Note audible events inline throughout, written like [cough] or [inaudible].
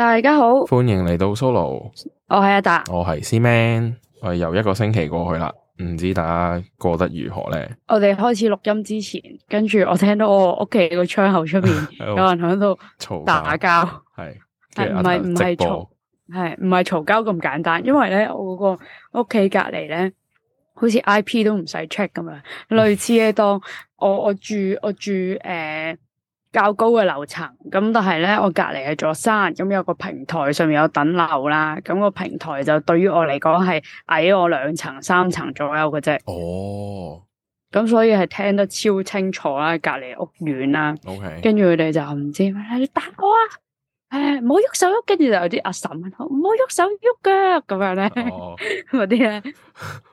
大家好，歡迎嚟到 Solo，我係阿達，我係 Cman 我又一個星期過去啦，唔知大家過得如何咧？我哋開始錄音之前，跟住我聽到我屋企個窗口出面有人響度嘈打交，係係唔係唔係嘈，係唔係嘈交咁簡單？因為咧我嗰個屋企隔籬咧，好似 IP 都唔使 check 咁樣，類似咧當我我住我住誒。較高嘅樓層，咁但係咧，我隔籬係座山，咁有個平台上面有等樓啦，咁個平台就對於我嚟講係矮我兩層三層左右嘅啫。哦，咁所以係聽得超清楚啦，隔籬屋苑啦。O K，跟住佢哋就唔知咩你打我啊？誒，唔好喐手喐，跟住就有啲阿嬸，唔好喐手喐腳咁樣咧，嗰啲咧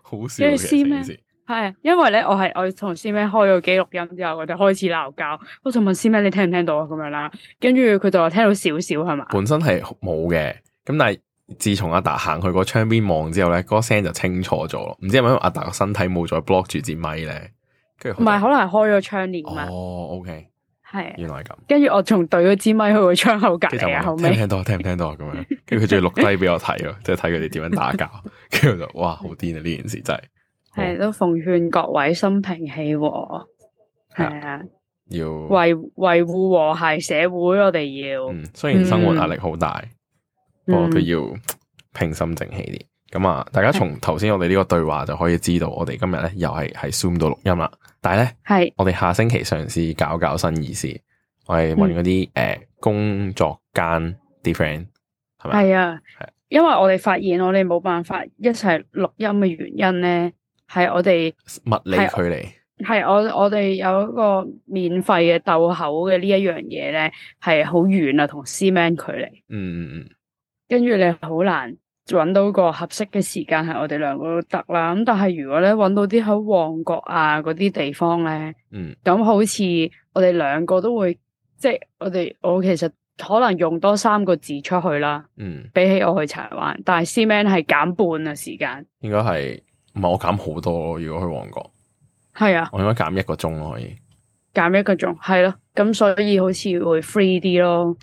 好笑嘅。係，因為咧，我係我同 Cman 開咗機錄音之後，我哋開始鬧交，我仲問 Cman，你聽唔聽到啊咁樣啦，跟住佢就話聽到少少係嘛？本身係冇嘅，咁但係自從阿達行去個窗邊望之後咧，嗰聲就清楚咗咯，唔知係咪因為阿達個身體冇再 block 住支咪咧？跟住唔係可能係開咗窗簾嘛？哦，OK，係的原來係咁。跟住我從懟咗支咪去個窗口隔籬後面面，聽唔 [laughs] 聽到？聽唔聽到？啊？咁樣，跟住佢仲要錄低俾我睇咯，即係睇佢哋點樣打交，跟住 [laughs] 就哇好癲啊！呢件事真係。係都奉勸各位心平氣和、哦，係啊，啊要維維護和諧社會，我哋要。嗯，雖然生活壓力好大，不過佢要平心靜氣啲。咁啊、嗯，大家從頭先我哋呢個對話就可以知道我，我哋今日咧又係係 Zoom 到錄音啦。但係咧，係是我哋下星期嘗試搞搞新意思，嗯、我哋揾嗰啲誒工作間啲 friend 係咪啊？係、啊，因為我哋發現我哋冇辦法一齊錄音嘅原因咧。係我哋物理距離，係我我哋有一個免費嘅斗口嘅呢一樣嘢，咧，係好遠啊，同 Cman 距離。嗯嗯嗯，跟住你好難揾到個合適嘅時間，係我哋兩個都得啦。咁但係如果咧揾到啲喺旺角啊嗰啲地方咧，嗯，咁好似我哋兩個都會，即係我哋我其實可能用多三個字出去啦。嗯，比起我去柴灣，但係 Cman 係減半啊時間，應該係。唔係我減好多咯，如果去旺角，係啊，我應該減一個鐘咯，可以減一個鐘，係咯，咁所以好似會 free 啲咯。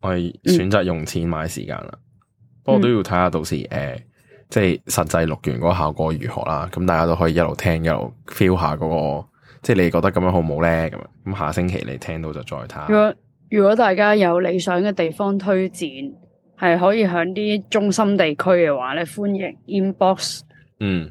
我選擇用錢買時間啦，不過都要睇下到時誒、呃，即係實際錄完嗰個效果如何啦。咁大家都可以一路聽，一路 feel 下嗰、那個，即係你覺得咁樣好唔好咧？咁咁下星期你聽到就再睇。如果如果大家有理想嘅地方推薦，係可以響啲中心地區嘅話咧，歡迎 inbox。嗯。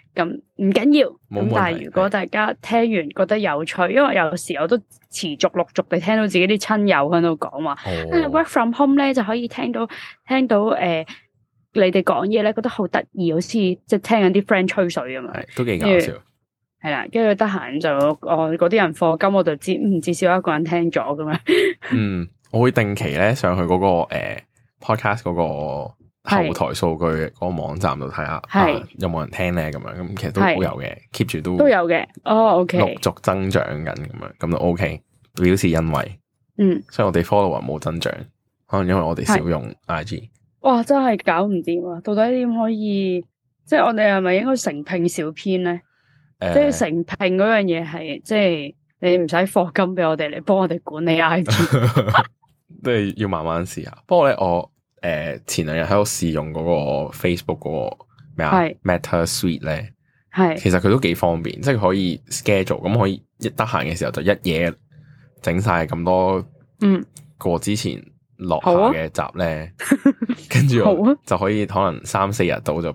咁唔緊要，咁但係如果大家聽完覺得有趣，的因為有時我都持續陸續地聽到自己啲親友喺度講話，work from home 咧，就可以聽到聽到誒、呃，你哋講嘢咧，覺得好得意，好似即係聽緊啲 friend 吹水咁樣，都幾搞笑。係啦，跟住得閒就我嗰啲人課金，我就知，至少一個人聽咗咁樣。嗯，我會定期咧上去嗰個誒 podcast 嗰個。呃後台數據嗰個網站度睇下，係是、啊、有冇人聽咧？咁樣，咁其實都好有嘅，keep 住都都有嘅。哦，OK，陸續增長緊咁樣，咁都 OK。表示因為，嗯，所以我哋 follower 冇增長，可能因為我哋少用 IG。哇、嗯，真係搞唔掂啊！到底點可以？即係我哋係咪應該成聘小編咧？嗯、即係成聘嗰樣嘢係，即、就、係、是、你唔使課金俾我哋你幫我哋管理 IG。即 [laughs] 係 [laughs] 要慢慢試下。不過咧，我。我誒，前兩日喺度試用嗰個 Facebook 嗰、那個咩啊？Meta Suite 咧，係是其實佢都幾方便，即係可以 schedule，咁可以一得閒嘅時候就一嘢整晒咁多，嗯，過之前落下嘅集咧，跟住、嗯、啊 [laughs] 就可以可能三四日到就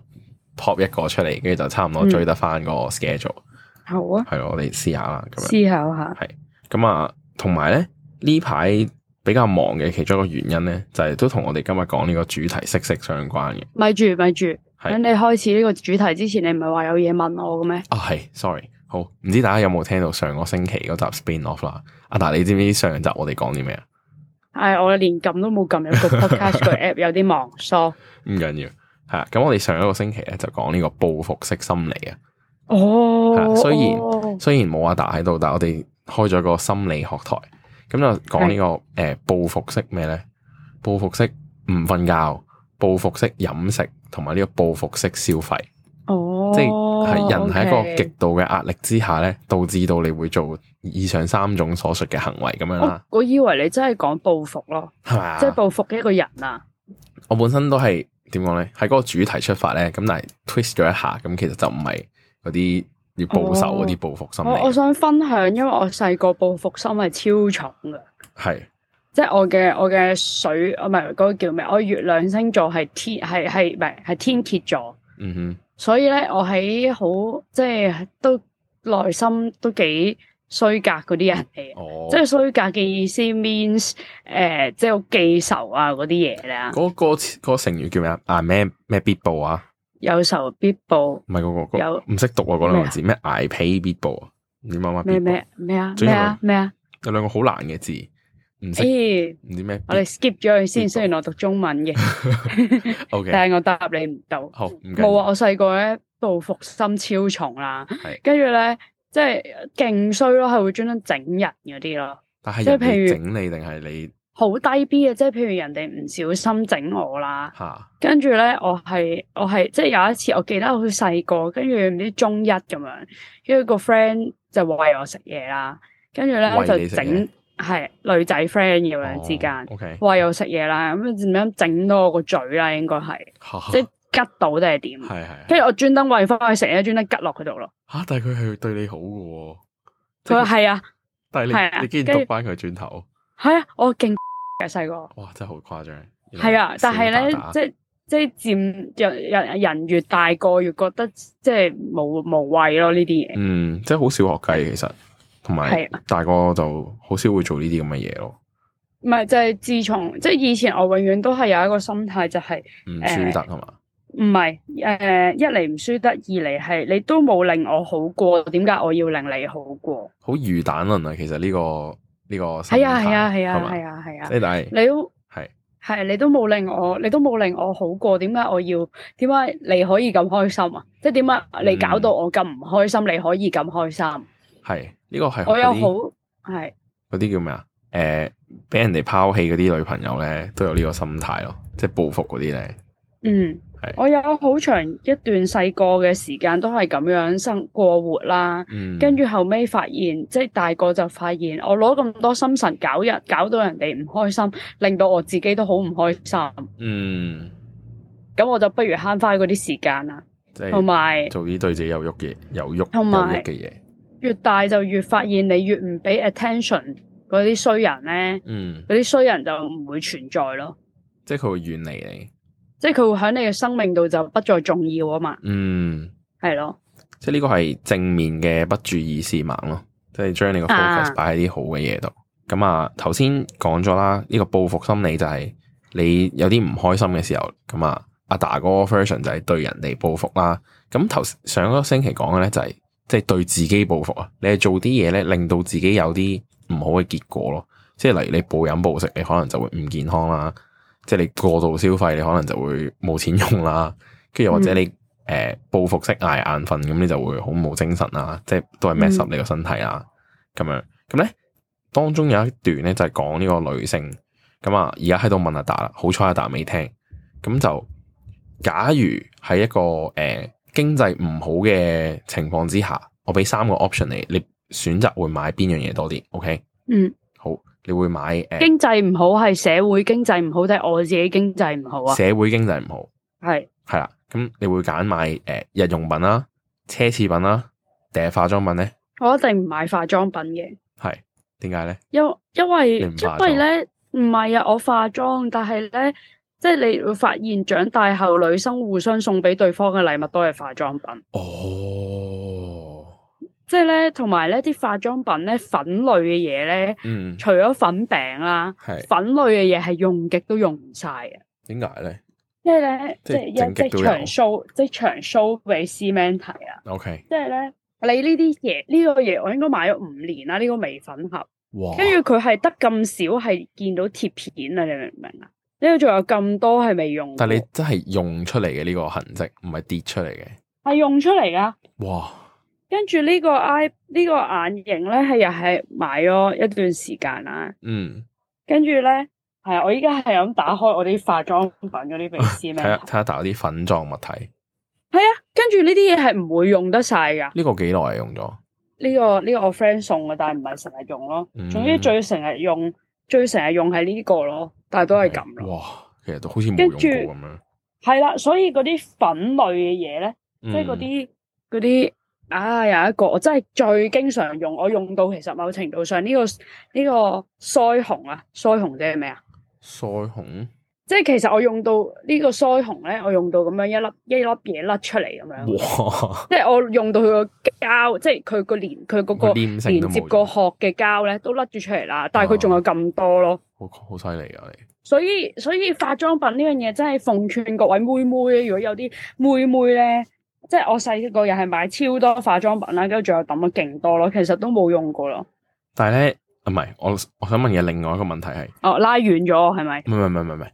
pop 一個出嚟，跟住就差唔多追得翻嗰個 schedule、嗯。好啊，係咯，我哋試下啦，咁樣，試下下，係咁啊，同埋咧呢排。比較忙嘅其中一個原因咧，就係、是、都同我哋今日講呢個主題息息相關嘅。咪住咪住，喺是你開始呢個主題之前，你唔係話有嘢問我嘅咩？啊係，sorry，好，唔知大家有冇聽到上個星期嗰集 spin off 啦？阿、啊、達，你知唔知上集我哋講啲咩啊？唉、哎，我連撳都冇撳有個 podcast 個 app， [laughs] 有啲忙，so 唔緊要，係啦。咁、啊、我哋上一個星期咧就講呢個報復式心理、oh, 啊。哦，雖然、oh. 雖然冇阿達喺度，但係我哋開咗個心理學台。咁就講呢、呢個誒報復式咩咧？報復式唔瞓覺，報復式飲食，同埋呢個報復式消費。哦，oh, 即係人喺一個極度嘅壓力之下咧，導致到你會做以上三種所述嘅行為咁樣啦。Oh, 我以為你真係講報復咯，係嘛？即係報復嘅一個人啊！我本身都係點講咧？喺嗰個主題出發咧，咁但係 twist 咗一下，咁其實就唔係嗰啲。要報仇嗰啲報復心、哦、我想分享，因為我細個報復心係超重嘅，係是即係我嘅我嘅水啊，唔係嗰個叫咩？我月亮星座係天係係唔係係天蠍座，嗯哼，所以咧我喺好即係都內心都幾衰格嗰啲人嚟。哦、即係衰格嘅意思 means 誒、呃，即係好記仇啊嗰啲嘢啦。嗰、嗰個、嗰個嗰個成語叫咩啊？啊咩咩必報啊！有仇必報，唔係嗰個有，唔識讀啊！嗰兩個字咩挨皮必報啊？你媽媽咩咩咩啊咩啊咩啊？有兩個好難嘅字，唔識唔知咩？我哋 skip 咗佢先，雖然我讀中文嘅 ok，但係我答你唔到。好冇啊！我細個咧報復心超重啦，跟住咧即係勁衰咯，係會專登整人嗰啲咯。但係即係譬如整你定係你？好低 B 嘅，即係譬如人哋唔小心整我啦，跟住咧我係我係即係有一次我記得好細個，跟住唔知中一咁樣，因為個 friend 就餵我食嘢啦，跟住咧就整係女仔 friend 咁樣之間餵我食嘢啦，咁點樣整到我個嘴啦？應該係即係吉到定係點？係係。跟住我專登餵翻去食嘢，專登吉落佢度咯。吓！但係佢係對你好嘅，佢係啊。但係你你竟然督翻佢轉頭。係啊，我勁計細個。哇，真係好誇張。係啊，但係咧，即係即係，漸人人越大個，越覺得即係冇無謂咯呢啲嘢。嗯，即係好少學計其實，同埋、啊、大個就好少會做呢啲咁嘅嘢咯。唔係，就係、係、自從即係以前，我永遠都係有一個心態，就係唔輸得係嘛？唔係誒，一嚟唔輸得，二嚟係你都冇令我好過，點解我要令你好過？好魚蛋論啊，其實呢、呢個。呢個係啊係啊係啊係啊係啊，你都係，係，你都冇令我，你都冇令我好過，點解我要？點解你可以咁開心啊？即係點解你搞到我咁唔開心，你可以咁開心？係呢個係，我有好係嗰啲叫咩啊？誒，俾人哋拋棄嗰啲女朋友咧，都有呢個心態咯，即係報復嗰啲咧。嗯。是我有好長一段細個嘅時間都係咁樣生過活啦，跟住、嗯、後尾發現，即、就、係、是、大個就發現，我攞咁多心神搞人，搞到人哋唔開心，令到我自己都好唔開心。嗯，咁我就不如慳翻嗰啲時間啦，同埋、就是、有做啲對自己有喐嘅有喐同埋嘅嘢。有越大就越發現你越唔俾 attention，嗰啲衰人咧，嗰啲衰人就唔會存在咯。即係佢會遠離你。即係佢會喺你嘅生命度就不再重要啊嘛，嗯，係咯，即係呢個係正面嘅不注意事盲咯，即係將你個 focus 擺喺啲好嘅嘢度。咁啊，頭先講咗啦，呢、這個報復心理就係你有啲唔開心嘅時候，咁、嗯、啊，阿達哥 version 就係對人哋報復啦。咁、嗯、頭上，上個星期講嘅咧就係即係對自己報復啊，你係做啲嘢咧令到自己有啲唔好嘅結果咯，即係例如你暴飲暴食，你可能就會唔健康啦。即係你過度消費，你可能就會冇錢用啦。跟住又或者你誒、嗯呃、報復式挨眼瞓，咁你就會好冇精神啊。即係都係 mess up 你個身體啊。咁、嗯、樣咁咧，當中有一段咧就係講呢個女性。咁啊，而家喺度問阿達啦。好彩阿達未聽。咁就假如喺一個誒、呃、經濟唔好嘅情況之下，我俾三個 option 你，你選擇會買邊樣嘢多啲？OK？嗯。你會買？Uh, 經濟唔好係社會經濟唔好定係我自己經濟唔好啊？社會經濟唔好，係係啦。咁你會揀買誒、uh, 日用品啦、啊、奢侈品啦、啊，定係化妝品咧？我一定唔買化妝品嘅。係點解咧？因因為你唔化妝。因為咧唔係啊！我化妝，但係咧即係你會發現長大後女生互相送俾對方嘅禮物都係化妝品。哦。即係咧，同埋咧啲化妝品咧粉類嘅嘢咧，除咗粉餅啦，粉類嘅嘢係用極都用唔晒。啊！點解咧？即係是咧，即係即係即場 show，Okay. 即係即場 show 俾 Cman 睇。啊！O K，即係咧，你呢啲嘢，呢個嘢我應該買咗五年啦，呢個眉粉盒。哇！跟住佢係得咁少，係見到貼片啊！你明唔明啊？呢個仲有咁多係未用，但係你真係用出嚟嘅呢個痕跡，唔係跌出嚟嘅，係用出嚟噶。哇！跟住呢、這個 I 呢、這個眼型咧，係又係買咗一段時間啦。嗯，跟住咧，係我依家係咁打開我啲化妝品嗰啲鼻屎。睇下睇下打啲粉狀物體。係啊，跟住呢啲嘢係唔會用得晒噶呢個幾耐用咗？呢、這個呢、這個我 friend 送嘅，但係唔係成日用咯。嗯、總之最成日用最成日用係呢個咯，但係都係咁咯。哇，其實都好似冇用過咁樣着。係啦，所以嗰啲粉類嘅嘢咧，即係啲嗰啲。嗯啊，有一個我真係最經常用，我用到其實某程度上呢、呢個呢、呢個腮紅啊，腮紅啫係咩啊？腮紅，即係其實我用到呢個腮紅咧，我用到咁樣一粒一粒嘢，甩出嚟咁樣，哇即係我用到佢個膠，即係佢個連佢個連接個殼嘅膠咧，都甩住出嚟啦。但係佢仲有咁多咯，哦、好好犀利噶你所。所以所以化妝品呢樣嘢真係奉勸各位妹妹，如果有啲妹妹咧。即係我細個又係買超多化妝品啦，跟住仲有抌咗勁多咯，其實都冇用過咯。但係咧，唔係我我想問嘅另外一個問題係哦，拉遠咗係咪？唔係唔係唔係唔係，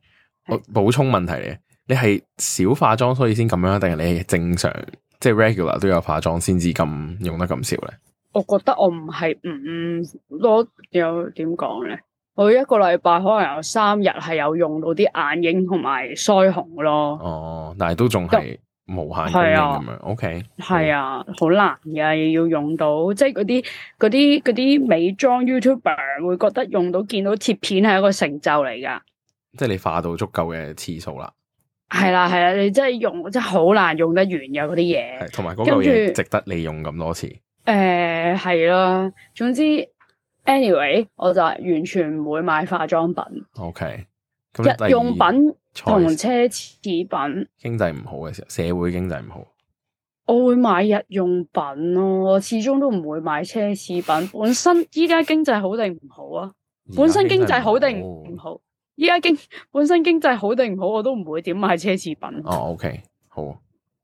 我補充問題嚟嘅。你係少化妝所以先咁樣，定係你是正常即係 regular 都有化妝先至咁用得咁少咧？我覺得我唔係唔多，嗯、又點講咧？我一個禮拜可能有三日係有用到啲眼影同埋腮紅咯。哦，但係都仲係。無限用咁樣，OK，係啊，好難㗎，要用到即係嗰啲嗰啲嗰啲美妝 YouTuber 會覺得用到見到貼片係一個成就嚟噶，即係你化到足夠嘅次數啦，係啦係啦，你真係用真係好難用得完嘅嗰啲嘢，同埋嗰件嘢值得你用咁多次，誒係囉，總之 anyway，我就完全唔會買化妝品，OK，日用品。同奢侈品，經濟唔好嘅時候，社會經濟唔好，我會買日用品咯、啊。我始終都唔會買奢侈品。本身依家經濟好定唔好啊？本身經濟好定唔好？依家、啊、經、濟經本身經濟好定唔好？我都唔會點買奢侈品、啊。哦、啊、OK，好。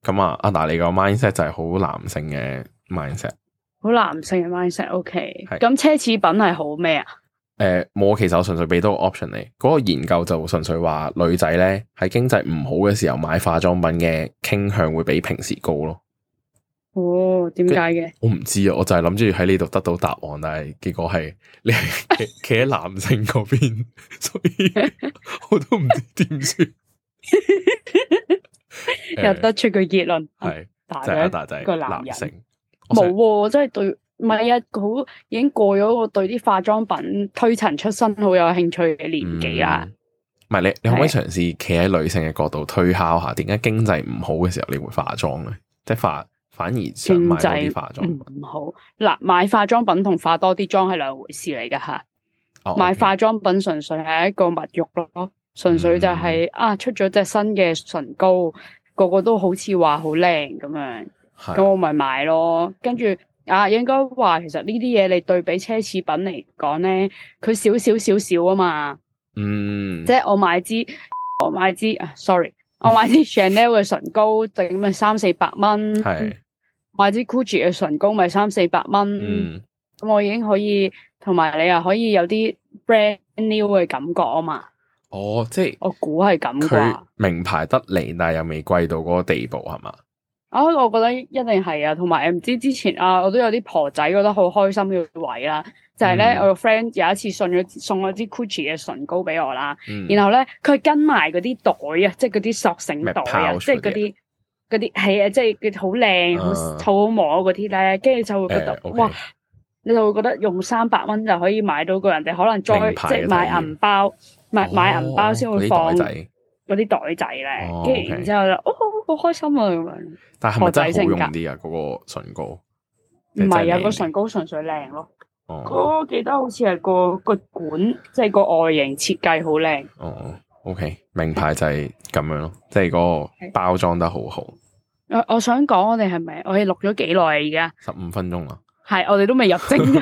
咁啊，阿、啊、達你個 mindset 就係好男性嘅 mindset，好男性嘅 mindset、okay。OK，咁是奢侈品係好咩啊？誒，我其實我純粹俾多個 option 你，嗰個研究就純粹話女仔咧，喺經濟唔好嘅時候買化妝品嘅傾向會比平時高咯。哦，點解嘅？我唔知啊，我就係諗住喺呢度得到答案，但係結果係你企喺男性嗰邊， [laughs] 所以我都唔知點算。又得出個結論係是打了 大仔大仔個男性，冇，我、哦、真係對。唔係啊，好已經過咗個對啲化妝品推陳出新好有興趣嘅年紀啦。唔係、嗯、你，你可唔可以嘗試企喺女性嘅角度推敲下，點解經濟唔好嘅時候你會化妝咧？即係化反而想買多啲化妝品。唔好嗱，買化妝品同化多啲妝係兩回事嚟嘅吓。買化妝品純粹係一個物慾咯，純粹就係、是嗯、啊出咗隻新嘅唇膏，個個都好似話好靚咁樣，咁的我咪買咯，跟住。啊，應該話其實呢啲嘢你對比奢侈品嚟講咧，佢少少少少啊嘛。嗯，即係我買支我買支啊，sorry，我買支 Chanel 嘅唇膏，就咁咪三四百蚊。係，買支 Gucci 嘅唇膏咪三四百蚊。嗯，咁我已經可以，同埋你又可以有啲 brand new 嘅感覺啊嘛。哦，即係我估係咁啩。佢名牌得嚟，但係又未貴到嗰個地步係嘛？啊、哦，我覺得一定係啊，同埋誒，唔知之前啊，我都有啲婆仔覺得好開心嘅位啦，就係、是、咧，嗯、我個 friend 有一次送咗送咗支 Gucci 嘅唇膏俾我啦，然後咧佢跟埋嗰啲袋啊，即係嗰啲索繩袋啊，即係嗰啲啲係啊，即係佢好靚，好好摸嗰啲咧，跟住就會覺得、呃 okay、哇，你就會覺得用三百蚊就可以買到個人哋可能再即係買銀包，唔係買銀包先、哦、會放。哦嗰啲袋仔咧，跟住然之後就哦好開心啊咁樣，但係係咪真係好用啲啊？嗰個唇膏，唔係啊，個唇膏純粹靚咯。哦，我記得好似係個個管，即係個外形設計好靚。哦哦，OK，名牌就係咁樣咯，即係個包裝得好好。我我想講，我哋係咪我哋錄咗幾耐啊？而家十五分鐘啦，係我哋都未入正題，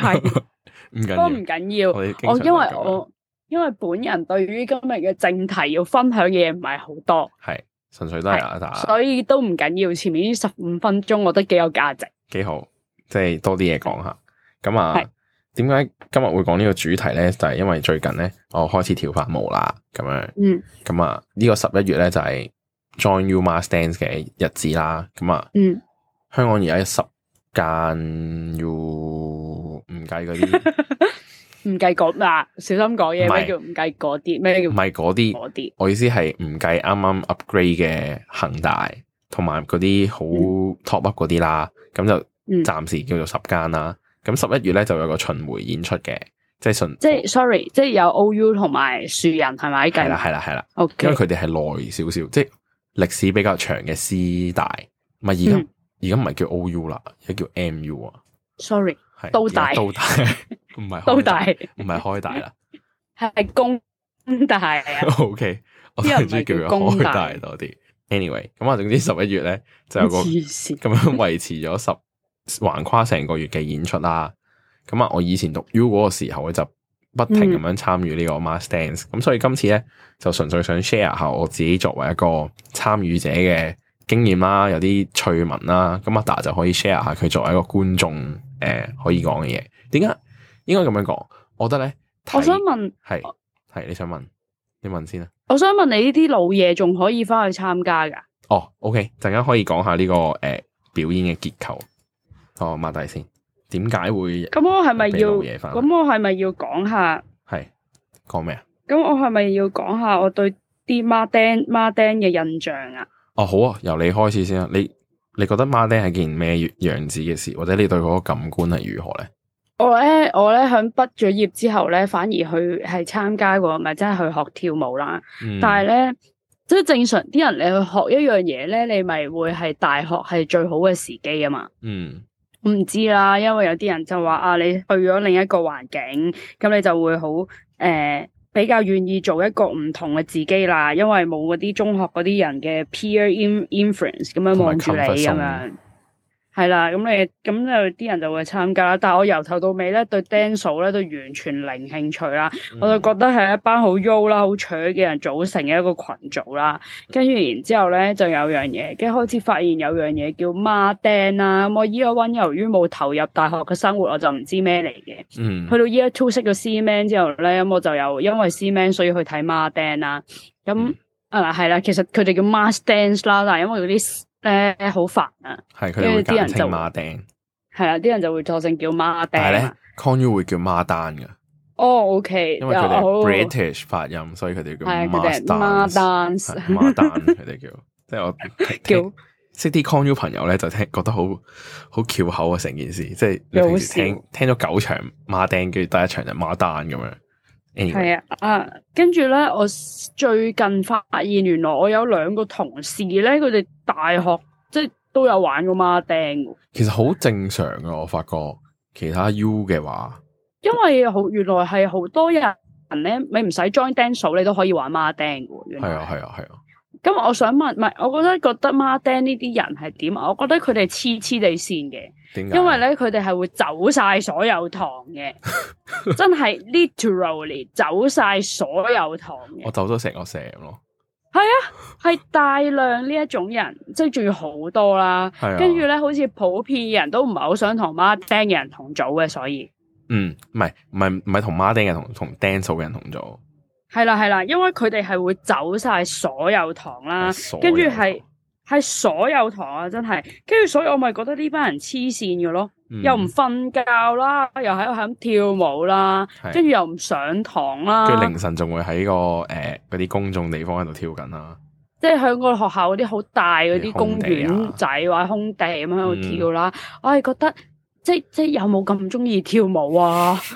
唔緊要，唔緊要，我因為我。因為本人對於今日嘅正題要分享嘅嘢唔係好多，係純粹都係假打，是就是、所以都唔緊要。前面十五分鐘我覺得幾有價值，幾好，即係多啲嘢講下。咁是啊，點解是今日會講呢個主題咧？就係、是、因為最近咧，我開始跳返舞啦，咁樣，嗯，咁啊，這個、呢個十一月咧就係、是、Joint U Mass Dance 嘅日子啦，咁啊，嗯，香港而家十間 U 唔計嗰啲。 [laughs] 唔計嗰嗱，小心講嘢，咩叫唔計嗰啲，咩叫唔計嗰啲啲？我意思係唔計啱啱 upgrade 嘅恒大同埋嗰啲好 top up 嗰啲啦，咁就暫時叫做十間啦。咁十一月咧就有個巡迴演出嘅，即係順，即係 sorry，即係有 O U 同埋樹仁係咪計？係啦係啦係啦，因為佢哋係耐少少，即係歷史比較長嘅師大，唔係而家，而家唔係叫 O U 啦，而家叫 M U 啊。Sorry，係都大都大。唔係都大，唔係開大啦，係公大。O K， [laughs] 啲人中意叫佢開大多啲。Anyway，咁啊，總之十一月咧就有個咁樣維持咗十橫跨成個月嘅演出啦。咁啊，我以前讀 U 嗰個時候咧就不停咁樣參與呢個 Mass Dance，咁、嗯、所以今次咧就純粹想 share 下我自己作為一個參與者嘅經驗啦，有啲趣聞啦。咁阿達就可以 share 下佢作為一個觀眾誒、呃、可以講嘅嘢，點解？.應該咁樣講，我覺得咧，我想問，係係你想問，你問先啦。我想問你呢啲老嘢仲可以翻去參加噶？哦、oh,，OK，陣間可以講下呢、這個誒、呃、表演嘅結構。哦、oh,，mark 低先，點解會？咁我係咪要？老嘢翻。咁我係咪要講下？係講咩啊？咁我係咪要講下我對啲孖釘孖釘嘅印象啊？哦，oh, 好啊，由你開始先啊。你你覺得孖釘係件咩樣子嘅事，或者你對嗰個感官係如何咧？我咧，我咧響畢咗業之後咧，反而去係參加過，咪即係去學跳舞啦。嗯、但係咧，即係正常啲人你去學一樣嘢咧，你咪會係大學係最好嘅時機啊嘛。嗯，唔知啦，因為有啲人就話啊，你去咗另一個環境，咁你就會好誒、呃，比較願意做一個唔同嘅自己啦，因為冇嗰啲中學嗰啲人嘅 peer inference 咁樣望住你咁樣。係啦，咁你咁就啲人就會參加啦。但係我由頭到尾咧對 Dance 咧都完全零興趣啦，嗯、我就覺得係一班好 low 啦、好蠢嘅人組成嘅一個群組啦。跟住然之後咧就有樣嘢，跟住開始發現有樣嘢叫 Mass Dance 啦、嗯。咁我 Year One 由於冇投入大學嘅生活，我就唔知咩嚟嘅。嗯、去到 Year Two 識咗 C Man 之後咧，咁、嗯、我就由因為 C Man 所以去睇 Mass Dance 啦、嗯。咁啊係啦，其實佢哋叫 Mass Dance 啦，但係因為嗰啲。誒好煩啊！係佢哋會叫人稱「孖釘」。係啦，啲人就會作聲叫「孖釘」。但係咧，conu 會叫馬丹噶。哦，OK，因為佢哋 British 發音，所以佢哋叫馬丹。馬丹，馬丹，佢哋叫。即係我叫識啲 conu 朋友咧，就聽覺得好好拗口啊！成件事即係你平時聽聽咗九場孖釘，跟住第一場就馬丹咁樣。係 Anyway, 啊，啊，跟住咧，我最近發現原來我有兩個同事咧，佢哋大學即係都有玩過孖釘。其實好正常噶，我發覺其他 U 嘅話，因為好原來係好多人咧，你唔使 join dance 組，你都可以玩孖釘噶。係啊，係啊，係啊。咁我想問，唔係我覺得覺得孖釘呢啲人係點啊？我覺得佢哋黐黐地線嘅，點解因為咧，佢哋係會走晒所有堂嘅， [laughs] 真係 literally 走晒所有堂嘅。我走咗成個社咯。係啊，係大量呢一種人，即係仲要好多啦。係啊， [laughs] 跟住咧，好似普遍人都唔係好想同孖釘嘅人同組嘅，所以嗯，唔係唔係唔係同孖釘嘅人同同 dance 舞嘅人同組。係啦係啦，因為佢哋係會走晒所有堂啦，跟住係係所有堂啊，真係，跟住所以我咪覺得呢班人黐線嘅咯，嗯、又唔瞓覺啦，又喺度響跳舞啦，跟住是又唔上堂啦，跟住凌晨仲會喺個誒嗰啲公眾地方喺度跳緊啦、啊，即係響個學校嗰啲好大嗰啲公園仔或者空地咁喺度跳啦，嗯、我係覺得即即,即有冇咁中意跳舞啊？ [laughs]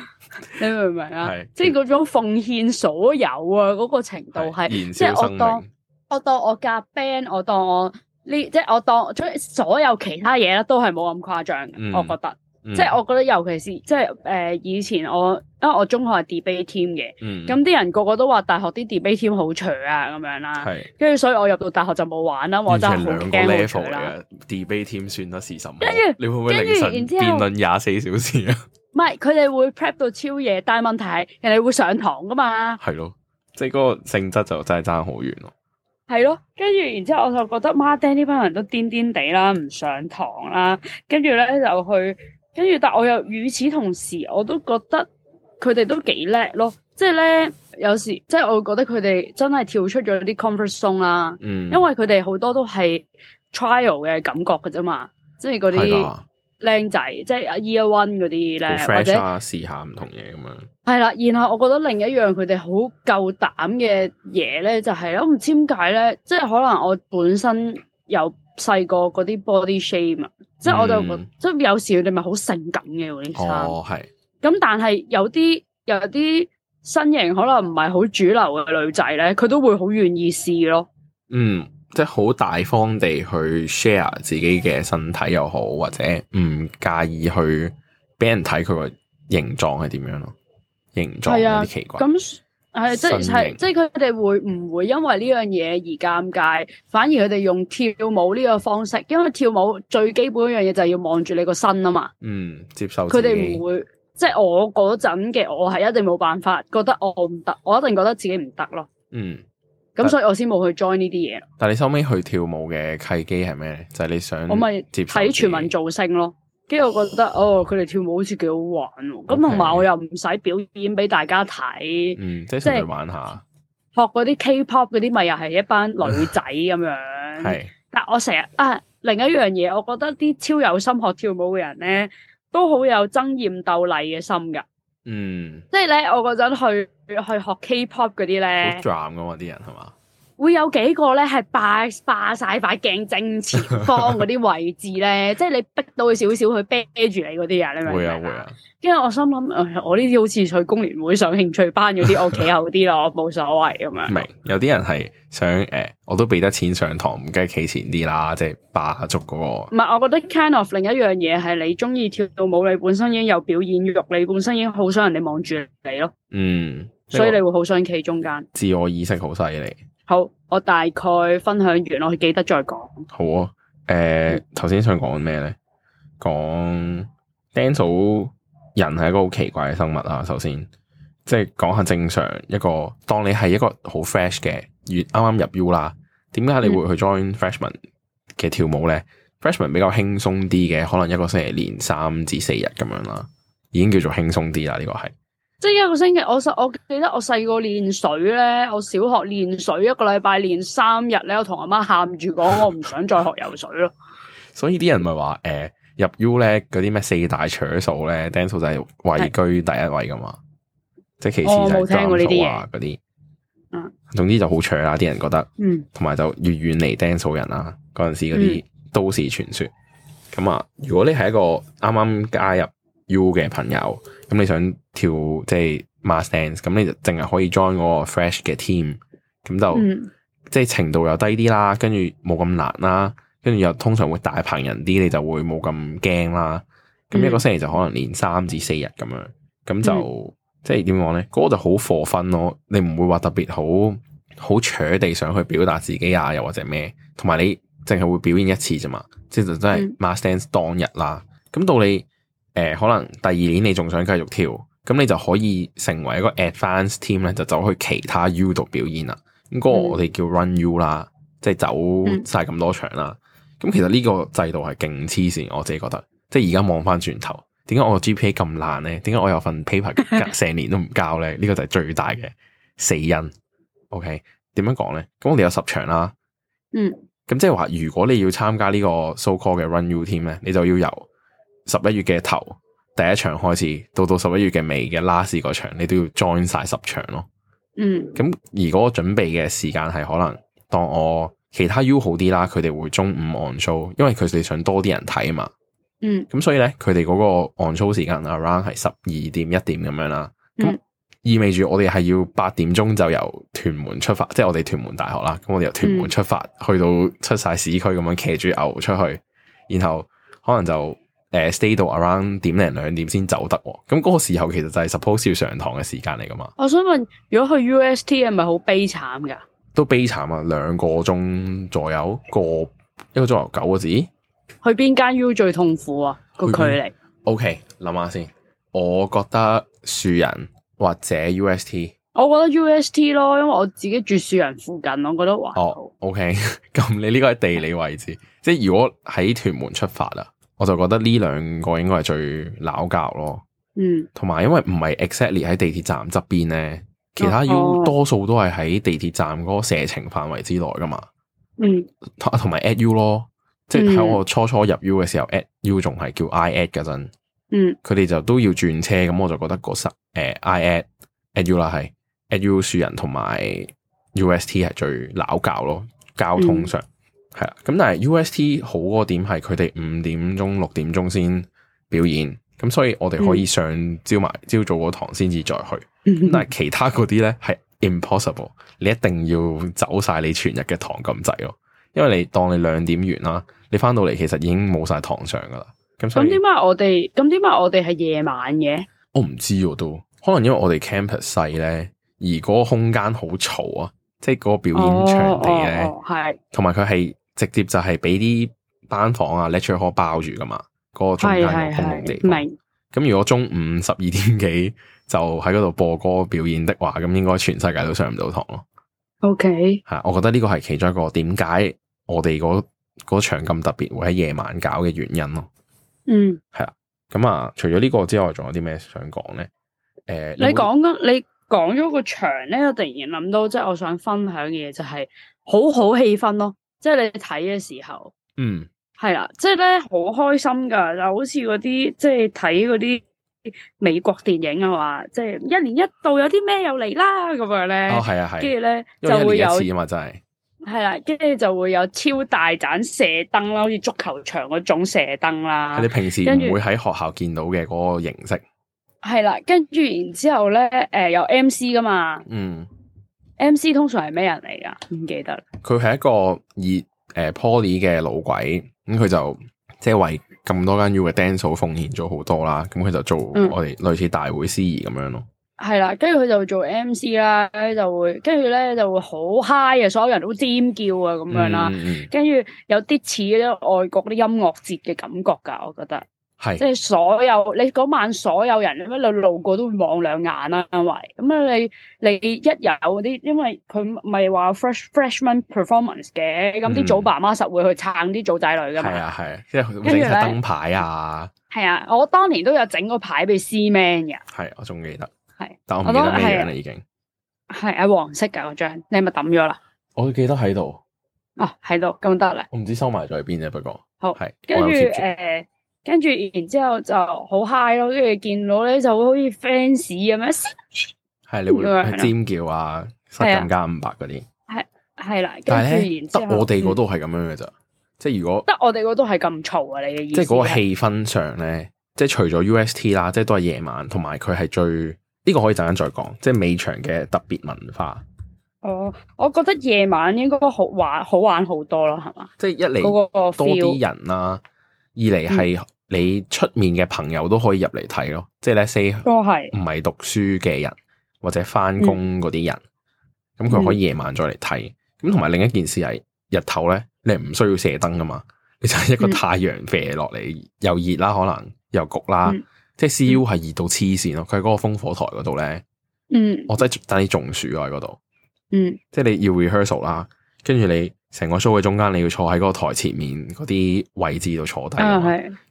你明唔明啊？即係嗰種奉獻所有啊，嗰個程度係，即係我當我當我夾 band，我當我呢，即係我當所有其他嘢咧都係冇咁誇張。我覺得，即係我覺得，尤其是即係誒，以前我因為我中學係 debate team 嘅，咁啲人個個都話大學啲 debate team 好除啊，咁樣啦。係，跟住所以我入到大學就冇玩啦，我真係好驚好除啦。debate team 算得是什麼？你會唔會凌晨辯論廿四小時啊？唔係，佢哋會 prep 到超夜，但係問題係人哋會上堂噶嘛？係咯，即係嗰個性質就真係爭好遠咯。係咯，跟住然之後我就覺得孖釘呢班人都癲癲地啦，唔上堂啦，跟住咧就去，跟住但我又與此同時，我都覺得佢哋都幾叻咯。即係咧，有時即係我會覺得佢哋真係跳出咗啲 comfort zone 啦。嗯，因為佢哋好多都係 trial 嘅感覺噶啫嘛，即係嗰啲。僆仔，即係阿 Year One 嗰啲咧，啊、或者試下唔同嘢咁樣。係啦，然後我覺得另一樣佢哋好夠膽嘅嘢咧，就係、囉、我唔知點解咧，即係可能我本身有細個嗰啲 body shame 啊、嗯，即係我就即係有時佢哋咪好性感嘅嗰啲衫。哦，係。咁但係有啲有啲身形可能唔係好主流嘅女仔咧，佢都會好願意試咯。嗯。即係好大方地去 share 自己嘅身體又好，或者唔介意去俾人睇佢個形狀係點樣咯？形狀係有啲奇怪咁係即係即係佢哋會唔會因為呢樣嘢而尷尬？反而佢哋用跳舞呢個方式，因為跳舞最基本一樣嘢就係要望住你個身啊嘛。嗯，接受佢哋唔會。即係我嗰陣嘅我係一定冇辦法，覺得我唔得，我一定覺得自己唔得咯。嗯。咁、嗯、但所以我先冇去 join 呢啲嘢。但你收尾去跳舞嘅契機係咩？就係、是、你想我咪就睇全民造星咯，跟住我覺得哦，佢哋跳舞好似幾好玩喎。咁同埋我又唔使表演俾大家睇、嗯，即係出去玩下。學嗰啲 K-pop 嗰啲咪又係一班女仔咁樣。係 [laughs] 是，但係我成日啊，另一樣嘢，我覺得啲超有心學跳舞嘅人咧，都好有爭豔鬥麗嘅心㗎。嗯，即係咧，我嗰陣去去學 K-pop 嗰啲咧，好 drama 噶嘛，啲人係嘛。會有幾個咧係霸霸曬塊鏡正前方嗰啲位置咧， [laughs] 即係你逼到少少去啤住你嗰啲啊！你明唔明？會啊會啊！因為 [laughs] 我心諗、哎，我呢啲好似去工聯會上興趣班嗰啲，我企後啲咯，冇所謂咁白樣。明，有啲人係想誒、哎，我都俾得錢上堂，唔該企前啲啦，即係霸下足嗰個。唔係，我覺得 kind of 另一樣嘢係你中意跳到舞，你本身已經有表演欲，你本身已經好想人哋望住你咯。嗯，所以你會好想企中間。自我意識好犀利。好，我大概分享完，我記得再講。好啊，誒、呃，頭先想講咩咧？講 dance 人係一個好奇怪嘅生物啊。首先，即係講下正常一個，當你係一個好 fresh 嘅，啱啱入 U 啦，點解你會去 join freshman 嘅跳舞咧？mm hmm.freshman 比較輕鬆啲嘅，可能一個星期連三至四日咁樣啦，已經叫做輕鬆啲啦。呢、這個係。即係一個星期，我我記得我細個練水咧，我小學練水一個禮拜練三日咧，我同阿媽喊住講，我唔想再學游水咯。 [laughs] 所以啲人咪話誒，入 U 咧嗰啲咩四大取數咧，dance 就係位居第一位噶嘛，即係其次就係冇聽過呢啲啊啲。嗯，總之就好噱啦，啲人覺得，嗯，同埋就越遠離 dance 人啦，啊。嗰陣時嗰啲都市傳說。咁啊，嗯，如果你係一個啱啱加入。U 嘅朋友，咁你想跳即係 mass dance，咁你就淨係可以 join 嗰個 fresh 嘅 team，咁就、嗯、即係程度又低啲啦，跟住冇咁難啦，跟住又通常會大棚人啲，你就會冇咁驚啦。咁一個星期就可能練三至四日咁樣，咁就、嗯、即係點講咧？嗰、那個、就好課分咯，你唔會話特別好好扯地想去表達自己啊，又或者咩？同埋你淨係會表演一次啫嘛，即係就真係 mass dance 當日啦。咁到你。誒，可能第二年你仲想繼續跳，咁你就可以成為一個 advance team 咧，就走去其他 U 度表演啦。呢、嗰個我哋叫 run U 啦，即係走晒咁多場啦。咁、嗯、其實呢個制度係勁黐線，我自己覺得。即係而家望翻轉頭，點解我個 GPA 咁爛咧？點解我有份 paper 隔成年都唔交咧？呢 [laughs] 個就係最大嘅死因。OK，點樣講咧？咁我哋有十場啦。嗯。咁即係話，如果你要參加呢個 so call 嘅 run U team 咧，你就要有。十一月嘅頭第一場開始，到到十一月嘅尾嘅 last 場，你都要 join 晒十場咯。嗯，咁如果個準備嘅時間係可能當我其他 U 好啲啦，佢哋會中午 on show，因為佢哋想多啲人睇嘛。嗯，咁所以咧，佢哋嗰個 on show 時間 around 係十二點一點咁樣啦。咁、嗯、意味住我哋係要八點鐘就由屯門出發，即係、嗯、我哋屯門大學啦。咁我哋由屯門出發、嗯、去到出晒市區咁樣騎住牛出去，然後可能就。誒、呃、，stay 到 around 點零兩點先走得、哦，咁嗰個時候其實就係 suppose 要上堂嘅時間嚟噶嘛？我想問，如果去 UST 係咪好悲慘噶？都悲慘啊，兩個鐘左右個一個鐘頭九個字。去邊間 U 最痛苦啊？個哪距離？O K，諗下先。我覺得樹人或者 U S T，我覺得 U S T 咯，因為我自己住樹人附近，我覺得還好，哦 O K，咁你呢個係地理位置， [laughs] 即係如果喺屯門出發啦。我就覺得呢兩個應該係最撈教咯，嗯，同埋因為唔係 exactly 喺地鐵站側邊咧，其他 U 多數都係喺地鐵站嗰個射程範圍之內㗎嘛，嗯，同埋 EdU 咯，即係喺我初初入 U 嘅時候、嗯、EdU 仲係叫 IEd 嗰陣，嗯，佢哋就都要轉車，咁我就覺得個塞誒 IEd EdU 啦係 EdU 樹仁同埋 UST 係最撈教咯，交通上。嗯係啦，咁但係 UST 好嗰個點係佢哋五點鐘、六點鐘先表演，咁所以我哋可以上朝埋朝早個、嗯、堂先至再去。但係其他嗰啲咧係 impossible，你一定要走晒你全日嘅堂咁滯咯，因為你當你兩點完啦，你翻到嚟其實已經冇晒堂上噶啦。咁所以咁點解我哋咁點解我哋係夜晚嘅？哦、我唔知都可能因為我哋 campus 細咧，而嗰個空間好嘈啊，即係嗰個表演場地咧，係同埋佢係。哦直接就係俾啲班房啊、lecture hall 包住噶嘛， [music] 個中間空空地。明咁 [music] 如果中午十二點幾就喺嗰度播歌表演的話，咁應該全世界都上唔到堂咯。O K 吓，我覺得呢個係其中一個點解我哋嗰嗰場咁特別會喺夜晚搞嘅原因咯。嗯，係 [noise] 啊樂。咁啊，啊，除咗呢個之外，仲有啲咩想講咧？誒、呃，你講說啊，你講會咗個場咧，我突然諗到，即係我想分享嘅嘢就係好好氣氛咯。即係你睇嘅時候，嗯，係啦，即係咧好開心噶，就好似嗰啲即係睇嗰啲美國電影啊話，即係一年一度有啲咩又嚟啦咁樣咧，哦係啊係，跟住咧就會有一年一次啊嘛真係，係啦，跟住就會有超大盞射燈啦，好似足球場嗰種射燈啦，你平時唔會喺學校見到嘅嗰個形式，係啦，跟住然之後咧，誒、呃、有 MC 噶嘛，嗯。M.C 通常係咩人嚟㗎？唔記得。佢係一個以誒、呃、Poly 嘅老鬼，咁、嗯、佢就即係為咁多間 U 嘅 dance 舞奉獻咗好多啦。咁、嗯、佢、嗯嗯、就做我哋類似大會司儀咁樣咯。係啦，跟住佢就做 M.C 啦，就會跟住咧就會好 high 啊！所有人都尖叫啊咁樣啦，跟住、嗯嗯、有啲似外國啲音樂節嘅感覺㗎，我覺得。係，即係、 [noise] 就是、所有你嗰晚所有人咁樣，你路過都會望兩眼啦，因為咁樣你你一有嗰啲，因為佢咪係話 fresh freshman performance 嘅、嗯，咁啲祖爸媽實會去撐啲祖仔女噶嘛。係啊係，跟住咧，跟住燈牌啊。係啊，嗯、啊，我當年都有整個牌俾 C man 嘅。係、啊，我仲記得。係，但我唔記得咩樣啦，已經。係啊，啊，黃色噶嗰張，你咪抌咗啦。我記得喺度。哦、啊，喺度、啊，咁得啦。我唔知收埋咗喺邊啫，不過。好。係、啊。跟住誒。 [noise] 跟住，然之後就好 high 咯，跟住見到咧，就會好似 fans 咁樣，係你會尖叫啊，更加唔白嗰啲，係係啦。啊、然但係咧，得我哋嗰度係咁樣嘅咋。嗯、即係如果得我哋嗰度係咁嘈啊，你嘅意思？即係嗰個氣氛上咧，嗯、即係除咗 UST 啦，即係都係夜晚，同埋佢係最呢、呢個可以陣間再講，即係尾場嘅特別文化。哦，我覺得夜晚應該好玩好玩好多咯，係嘛？即係一嚟嗰個多啲人啦、啊。二嚟，係你出面嘅朋友都可以入嚟睇咯，即係咧 C，唔係讀書嘅人或者翻工，嗰啲人，咁佢、嗯、可以夜晚再嚟睇。咁同埋另一件事係日頭咧，你唔需要射燈噶嘛，你就一個太陽射落嚟，嗯、又熱啦，可能又焗啦，嗯、即係 C U 係熱到黐線咯。佢喺嗰個烽火台嗰度咧，嗯，我真係等你中暑喺嗰度，嗯，即係你要 rehearsal 啦，跟住你。成個 show 嘅中間，你要坐喺嗰個台前面嗰啲位置度坐低，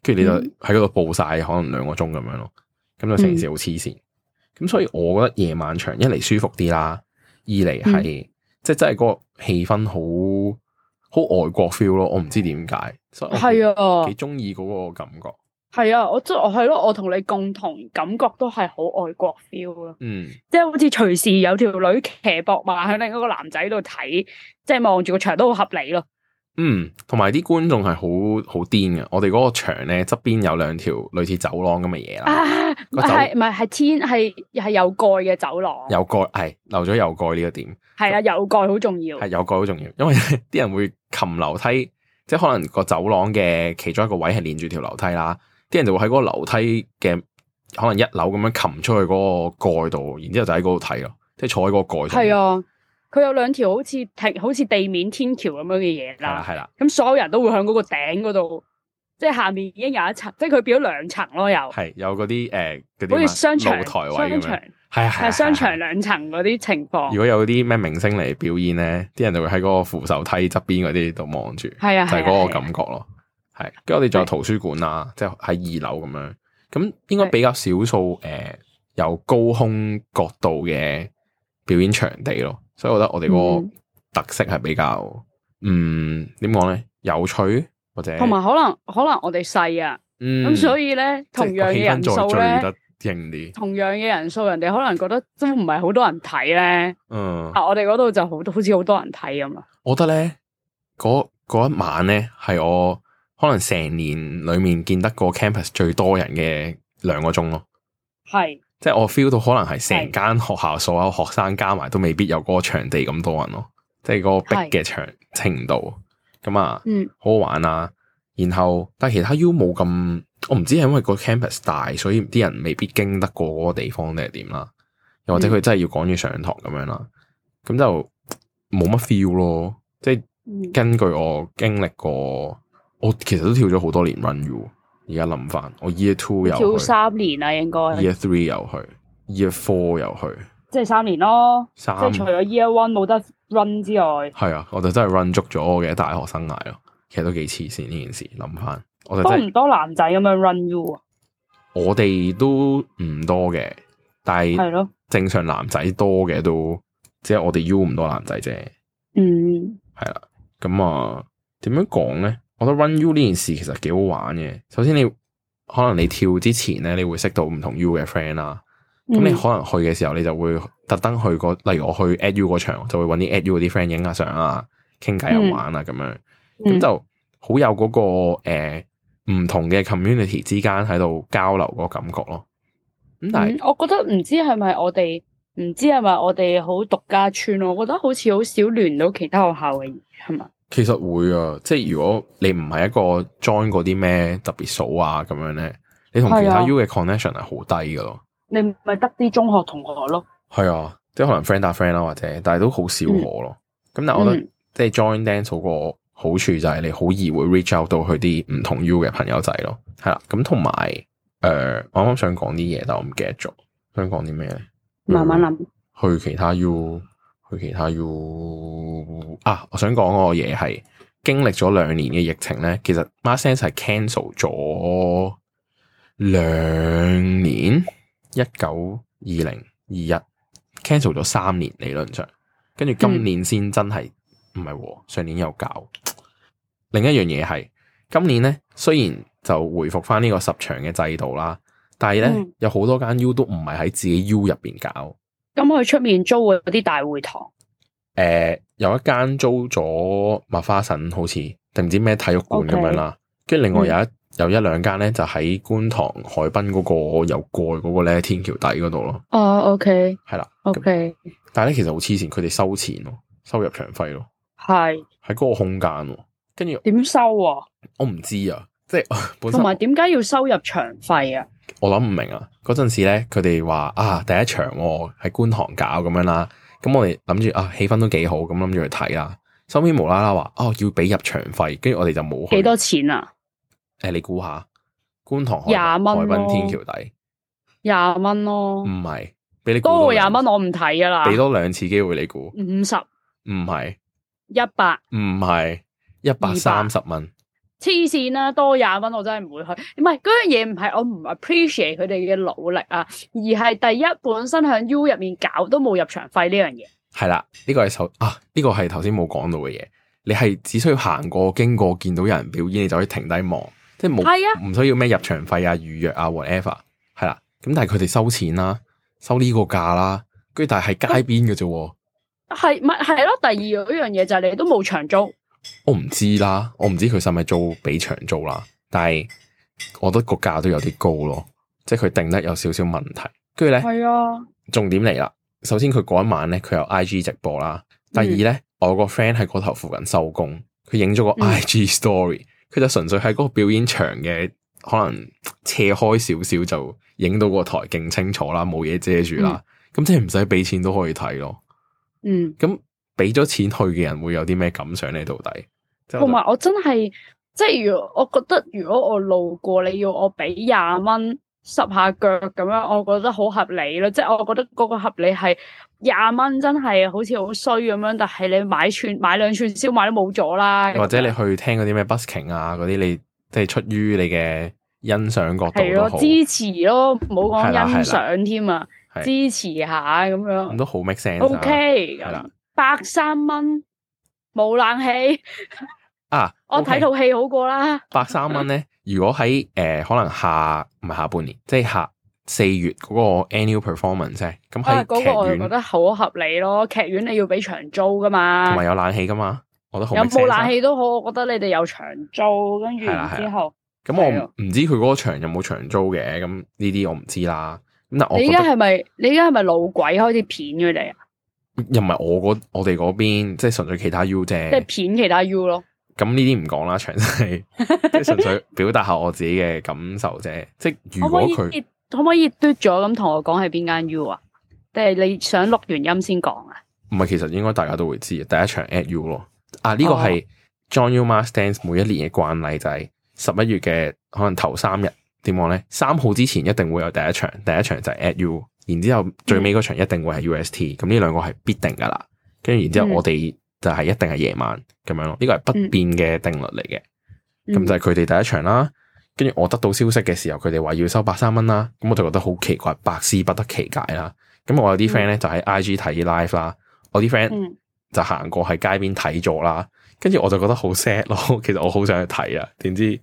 跟住、啊、你就喺嗰度曝曬，嗯、可能兩個鐘咁樣咯。咁就成件事好黐線。咁、嗯、所以我覺得夜晚場一嚟舒服啲啦，二嚟係、嗯、即係真係嗰個氣氛好好外國 feel 咯。我唔知點解，係啊，幾中意嗰個感覺。係啊，我即係咯，我同你共同感覺都係好愛國 feel 咯。嗯，即係好似隨時有條女騎膊馬喺另一個男仔度睇，即係望住個牆都好合理咯。嗯，同埋啲觀眾係好好癲嘅。我哋嗰個牆咧側邊有兩條類似走廊咁嘅嘢啦。啊，係唔係係天係係有蓋嘅走廊？有蓋係留咗有蓋呢個點？係啊，有蓋好重要。係有蓋好重要，因為啲 [laughs] 人會擒樓梯，即係可能個走廊嘅其中一個位係連住條樓梯啦。啲人就會喺嗰個樓梯嘅可能一樓咁樣擒出去嗰個蓋度，然之後就喺嗰度睇咯，即係坐喺嗰個蓋。係啊，佢有兩條好似天好似地面天橋咁樣嘅嘢啦，係啦。咁所有人都會喺嗰個頂嗰度，即係下面已經有一層，即係佢表咗兩層咯。又係有嗰啲誒，嗰啲商場，商場係係商場兩層嗰啲情況。如果有啲咩明星嚟表演咧，啲人就會喺嗰個扶手梯側邊嗰啲度望住，係啊，就係嗰個感覺咯。係，跟住我哋仲有圖書館啦、啊，是的 即係喺二樓咁樣，咁應該比較少數誒，有是的、呃、高空角度嘅表演場地咯，所以我覺得我哋嗰個特色係比較，嗯，嗯，點講咧，有趣或者同埋可能可能我哋細啊，咁、嗯、所以咧，同樣嘅人數咧，最最得同樣嘅人數，人哋可能覺得真係唔係好多人睇咧，嗯，但我哋嗰度就好，好似好多人睇啊嘛，我覺得咧，嗰一晚咧係我。可能成年裏面見得個 campus 最多人嘅兩個鐘咯，係是，即係我 feel 到可能係成間學校所有學生加埋都未必有嗰個場地咁多人咯，即係嗰個逼嘅場是程度，咁啊，好、嗯、好玩啊！然後但係其他 U 冇咁，我唔知係因為個 campus 大，所以啲人未必經得過嗰個地方定係點啦，又或者佢真係要趕住上堂咁樣啦、啊，咁就冇乜 feel 咯，即係根據我經歷過。嗯嗯我其實都跳咗好多年 run you，而家諗翻我 year two 又跳三年啦，啊，應該 year three 又去，year four 又去，即係三年咯。三 即係除咗 year one 冇得 run 之外，係啊，我就真係 run 足咗嘅大學生涯咯。其實都幾黐線呢件事，諗翻我哋多唔多男仔咁樣 run you 啊？我哋都唔多嘅，但係係咯，正常男仔多嘅都，即係我哋 you 唔多男仔啫。嗯，係啦，咁啊，點樣講咧？我覺得 run U 呢件事其實幾好玩嘅。首先你可能你跳之前咧，你會識到唔同 U 嘅 friend 啦。咁、嗯、你可能去嘅時候，你就會特登去個，例如我去 at U 嗰場，就會揾啲 at U 嗰啲 friend 影下相啊，傾偈啊，玩啊咁樣。咁就好有嗰、嗰個唔、嗯欸、同嘅 community 之間喺度交流嗰感覺咯。咁但係我覺得唔知係咪我哋唔知係咪我哋好獨家村咯？我覺得好似好少聯到其他學校嘅，係嘛？其實會啊，即係如果你唔係一個 join 嗰啲咩特別數啊咁樣咧，你同其他 U 嘅 connection 係好低噶咯。你咪得啲中學同學咯。係啊， [noise] 嗯嗯、即係可能 friend 打 friend 啦、啊，或者，但係都好少我咯。咁但係我覺得，嗯、即係 join dance 嗰個好處就係你好易會 reach out 到去啲唔同 U 嘅朋友仔咯。係、嗯、啦，咁同埋誒，我啱啱想講啲嘢，但我唔記得咗，想講啲咩咧？慢慢諗。去其他 U。去其他 U 啊，我想講個嘢，係經歷咗兩年嘅疫情咧，其實 mass 係 cancel 咗兩年，一九二零二一 cancel 咗三年理論上。跟住今年先真係唔係，上、嗯哦、年又搞。另一樣嘢係今年咧，雖然就回複翻呢個十場嘅制度啦，但係咧、嗯、有好多間 U 都唔係喺自己 U 入邊搞。咁佢出面租嘅嗰啲大會堂，誒，有一間租咗麥花臣好似，定唔知咩體育館咁樣啦。跟住另外有一有一兩間咧，就喺觀塘海濱嗰個有蓋嗰個咧天橋底嗰度咯。哦，OK，係啦，OK。但係咧，其實好黐線，佢哋收錢咯，收入場費咯。係喺嗰個空間，跟住點收啊？我唔知啊，即係同埋點解要收入場費啊？我諗唔明啊。嗰陣時咧，佢哋話啊，第一場喺、哦、觀塘搞咁樣啦，咁、嗯、我哋諗住啊，氣氛都幾好，咁諗住去睇啦。收尾無啦啦話哦，要俾入場費，跟住我哋就冇。幾多錢啊？誒、哎，你估下觀塘廿蚊，啊、海濱天橋底廿蚊咯？唔係、啊，俾你多過廿蚊，我唔睇噶啦。俾多兩次機會你估五十？唔係一百？唔係一百三十蚊？黐線啦，多廿蚊我真係唔會去。唔係嗰樣嘢唔係我唔 appreciate 佢哋嘅努力啊，而係第一本身喺 U 入面搞都冇入場費呢樣嘢。係啦，呢個係首啊，呢個係頭先冇講到嘅嘢。你係只需要行過經過見到有人表演，你就可以停低望，即係冇係啊，唔需要咩入場費啊、預約啊 whatever 係啦。咁但係佢哋收錢啦、啊，收呢個價啦、啊，跟住但係喺街邊嘅啫。係咪係咯？第二嗰樣嘢就係你都冇場租。我唔知啦，我唔知佢使咪租俾長租啦，但係我覺得個價都有啲高咯，即係佢定得有少少問題。跟住咧，係啊，重點嚟啦。首先佢嗰一晚咧，佢有 I G 直播啦。第二咧，嗯、我個 friend 喺嗰頭附近收工，佢影咗個 I G、嗯、story，佢就純粹喺嗰個表演場嘅可能斜開少少就影到個台勁清楚啦，冇嘢遮住啦。咁、嗯、即係唔使俾錢都可以睇咯。嗯，咁。俾咗錢去嘅人會有啲咩感想咧？到底同埋我真係即係，如果我覺得如果我路過，你要我俾廿蚊濕下腳咁樣，我覺得好合理咯。即係我覺得嗰個合理係廿蚊，真係好似好衰咁樣。但係你買串買兩串燒賣都冇咗啦。或者你去聽嗰啲咩 busking 啊嗰啲，你即係出於你嘅欣賞角度都好支持咯。冇講欣賞添啊，支持下咁樣咁都好 make sense。O K。Okay, 百三蚊冇冷氣啊！我睇套戲好過啦。百三蚊咧，如果喺誒、呃、可能下唔係下半年， [laughs] 即係下四月嗰個 annual performance 啫、啊。咁喺劇院，個我覺得好合理咯。劇院你要俾場租噶嘛，同埋有冷氣噶嘛，我覺得有冇冷氣都好。我覺得你哋有場租，跟住、啊啊、之後，咁、嗯啊嗯、我唔知佢嗰個場有冇場租嘅。咁呢啲我唔知啦。咁你而家係咪你而家係咪老鬼開始片佢哋啊？ [laughs] [laughs] 又唔係我嗰我哋邊，即係純粹其他 U 啫，即係片其他 U 咯。咁呢啲唔講啦，詳細 [laughs] 即係純粹表達下我自己嘅感受啫。即係如果佢可唔他可，可以嘟咗咁同我講係邊間 U 啊？定係你想錄完音先講啊？唔係，其實應該大家都會知，第一場 at U 咯。啊，呢、這個係 Joint-U Mass Dance 每一年嘅慣例，就係十一月嘅可能頭三日，點講咧？三號之前一定會有第一場，第一場就係 at U。然之後最尾嗰場一定會係 UST，咁呢兩個係必定噶啦。跟住然之後我哋就係一定係夜晚咁樣咯，呢、呢個係不變嘅定律嚟嘅。咁、嗯、就係佢哋第一場啦。跟住我得到消息嘅時候，佢哋話要收八三蚊啦，咁我就覺得好奇怪，百思不得其解啦。咁我有啲 friend 咧就喺 IG 睇 live 啦、嗯，我啲 friend 就行過喺街邊睇咗啦。跟住我就覺得好 sad 咯，其實我好想去睇啊，點知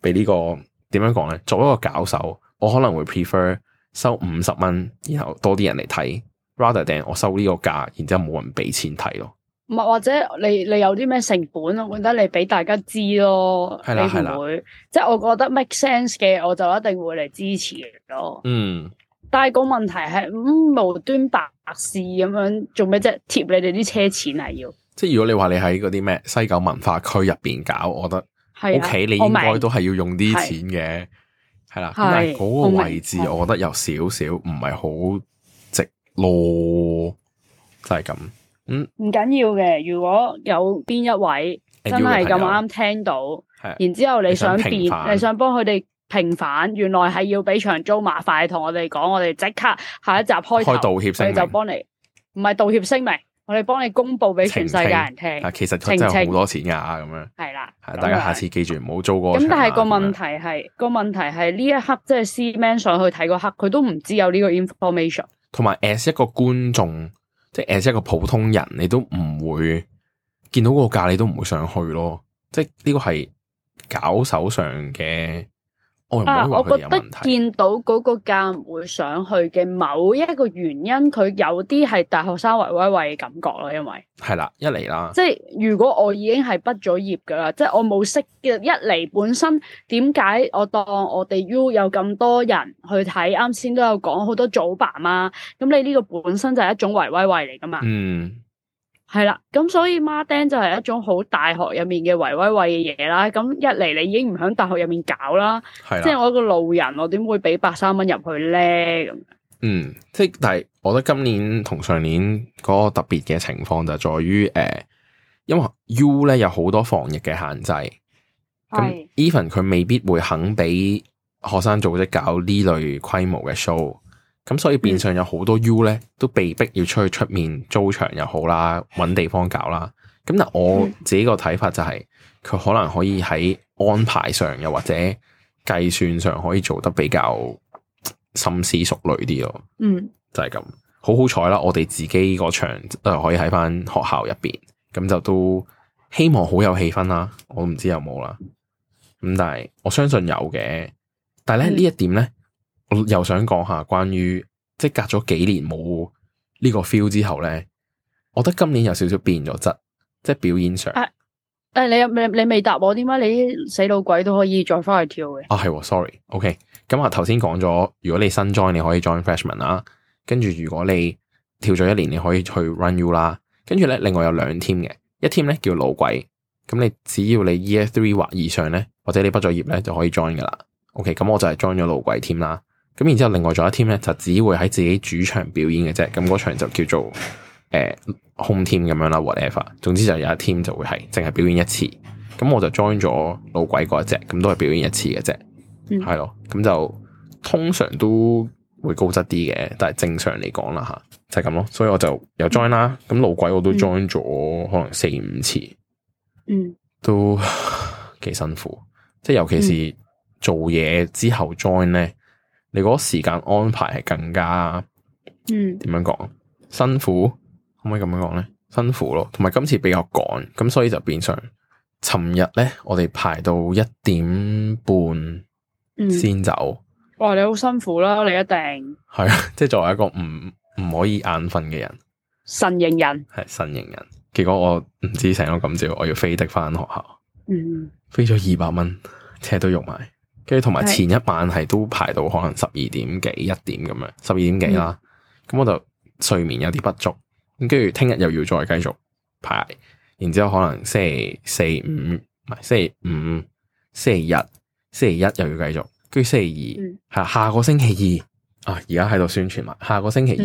俾、呢個、呢個點樣講咧？作為一個搞手，我可能會 prefer。收五十蚊，然後多啲人嚟睇。Rather than 我收呢個價，然之後冇人俾錢睇咯。唔係或者你你有啲咩成本，我覺得你俾大家知咯。係啦，係啦，會的即係我覺得 make sense 嘅，我就一定會嚟支持咯、嗯。嗯，但係個問題係咁無端白事咁樣做咩啫？貼你哋啲車錢係要。即係如果你話你喺嗰啲咩西九文化區入邊搞，我覺得屋企的你應該都係要用啲錢嘅。係啦，但係嗰個位置我覺得有少少唔係好直咯，就係咁。唔唔緊要嘅，如果有邊一位真係咁啱聽到，的然後之後你想變，你想幫佢哋平反，原來係要俾場租麻煩，同我哋講，我哋即刻下一集開開道歉聲明就幫你，唔係道歉聲明。我哋幫你公布俾全世界人聽。啊，其實真係好多錢噶，啊，咁清樣。係啦的，係大家下次記住唔好的租嗰。咁但係個問題係個樣問題係呢一刻，即係 Cman 上去睇嗰刻，佢都唔知有呢個 information。同埋，as 一個觀眾，即係 as 一個普通人，你都唔會見到個價，你都唔會上去咯。即係呢個係搞手上嘅。啊！我覺得見到嗰個價會上去嘅某一個原因，佢有啲係大學生維維維嘅感覺咯，因為係啦，一嚟啦，即係如果我已經係畢咗業噶啦，即係我冇識嘅。一嚟本身點解我當我哋 U 有咁多人去睇？啱先都有講好多組爸媽，咁你呢個本身就係一種維維維嚟噶嘛？嗯。係啦，咁所以孖釘就係一種好大學入面嘅維威惠嘅嘢啦。咁一嚟你已經唔喺大學入面搞啦，係啊，即係我個路人，我點會俾百三蚊入去咧？咁嗯，即係但係，我覺得今年同上年嗰個特別嘅情況就係在於誒、呃，因為 U 咧有好多防疫嘅限制，咁 Even 佢未必會肯俾學生組織搞呢類規模嘅 show。咁所以變相有好多 U 咧，都被逼要出去出面租場又好啦，搵地方搞啦。咁但我自己個睇法就係、是、佢可能可以喺安排上又或者計算上可以做得比較心思熟慮啲咯。就是、嗯，就係咁。好好彩啦，我哋自己個場都、呃、可以喺翻學校入邊，咁就都希望好有氣氛啦。我唔知有冇啦。咁但係我相信有嘅，但係咧呢一點咧。我又想講下關於即係隔咗幾年冇呢個 feel 之後咧，我覺得今年有少少變咗質，即係表演上。誒誒、啊，你你你未答我點解你死老鬼都可以再翻去跳嘅？啊係，sorry，OK。咁啊頭先講咗，如果你新 join 你可以 join freshman 啦，跟住如果你跳咗一年你可以去 run you 啦，跟住咧另外有兩 team 嘅，一 team 咧叫老鬼，咁你只要你 year three 或以上咧，或者你畢咗業咧就可以 join 噶啦。OK，咁我就係 join 咗老鬼 team 啦。咁然之後，另外仲有一 team 咧，就只會喺自己主場表演嘅啫。咁、那、嗰、個、場就叫做誒 home、呃、team 咁樣啦，whatever。總之就有一 team 就會係淨係表演一次。咁我就 join 咗老鬼嗰一隻，咁都係表演一次嘅啫。係咯、嗯，咁就通常都會高質啲嘅。但係正常嚟講啦吓，就係咁咯。所以我就又 join 啦。咁老鬼我都 join 咗，可能四五次。嗯，都幾辛苦。即係尤其是做嘢之後 join 咧。你嗰時間安排係更加，嗯，點樣講？辛苦可唔可以咁樣講咧？辛苦咯，同埋今次比較趕，咁所以就變相尋日咧我哋排到一點半先走、嗯。哇，你好辛苦啦，你一定係啊！即係作為一個唔唔可以眼瞓嘅人，晨型人係晨型人。結果我唔知成個咁朝，我要飛的返學校，嗯，飛咗二百蚊車都用埋。跟住同埋前一晚係都排到可能十二點幾一點咁樣，十二點幾啦。咁我就睡眠有啲不足。咁跟住聽日又要再繼續排，然之後可能星期四、五，唔係星期五、星期日、星期一又要繼續。跟住星期二係下個星期二啊，而家喺度宣傳嘛。下個星期二，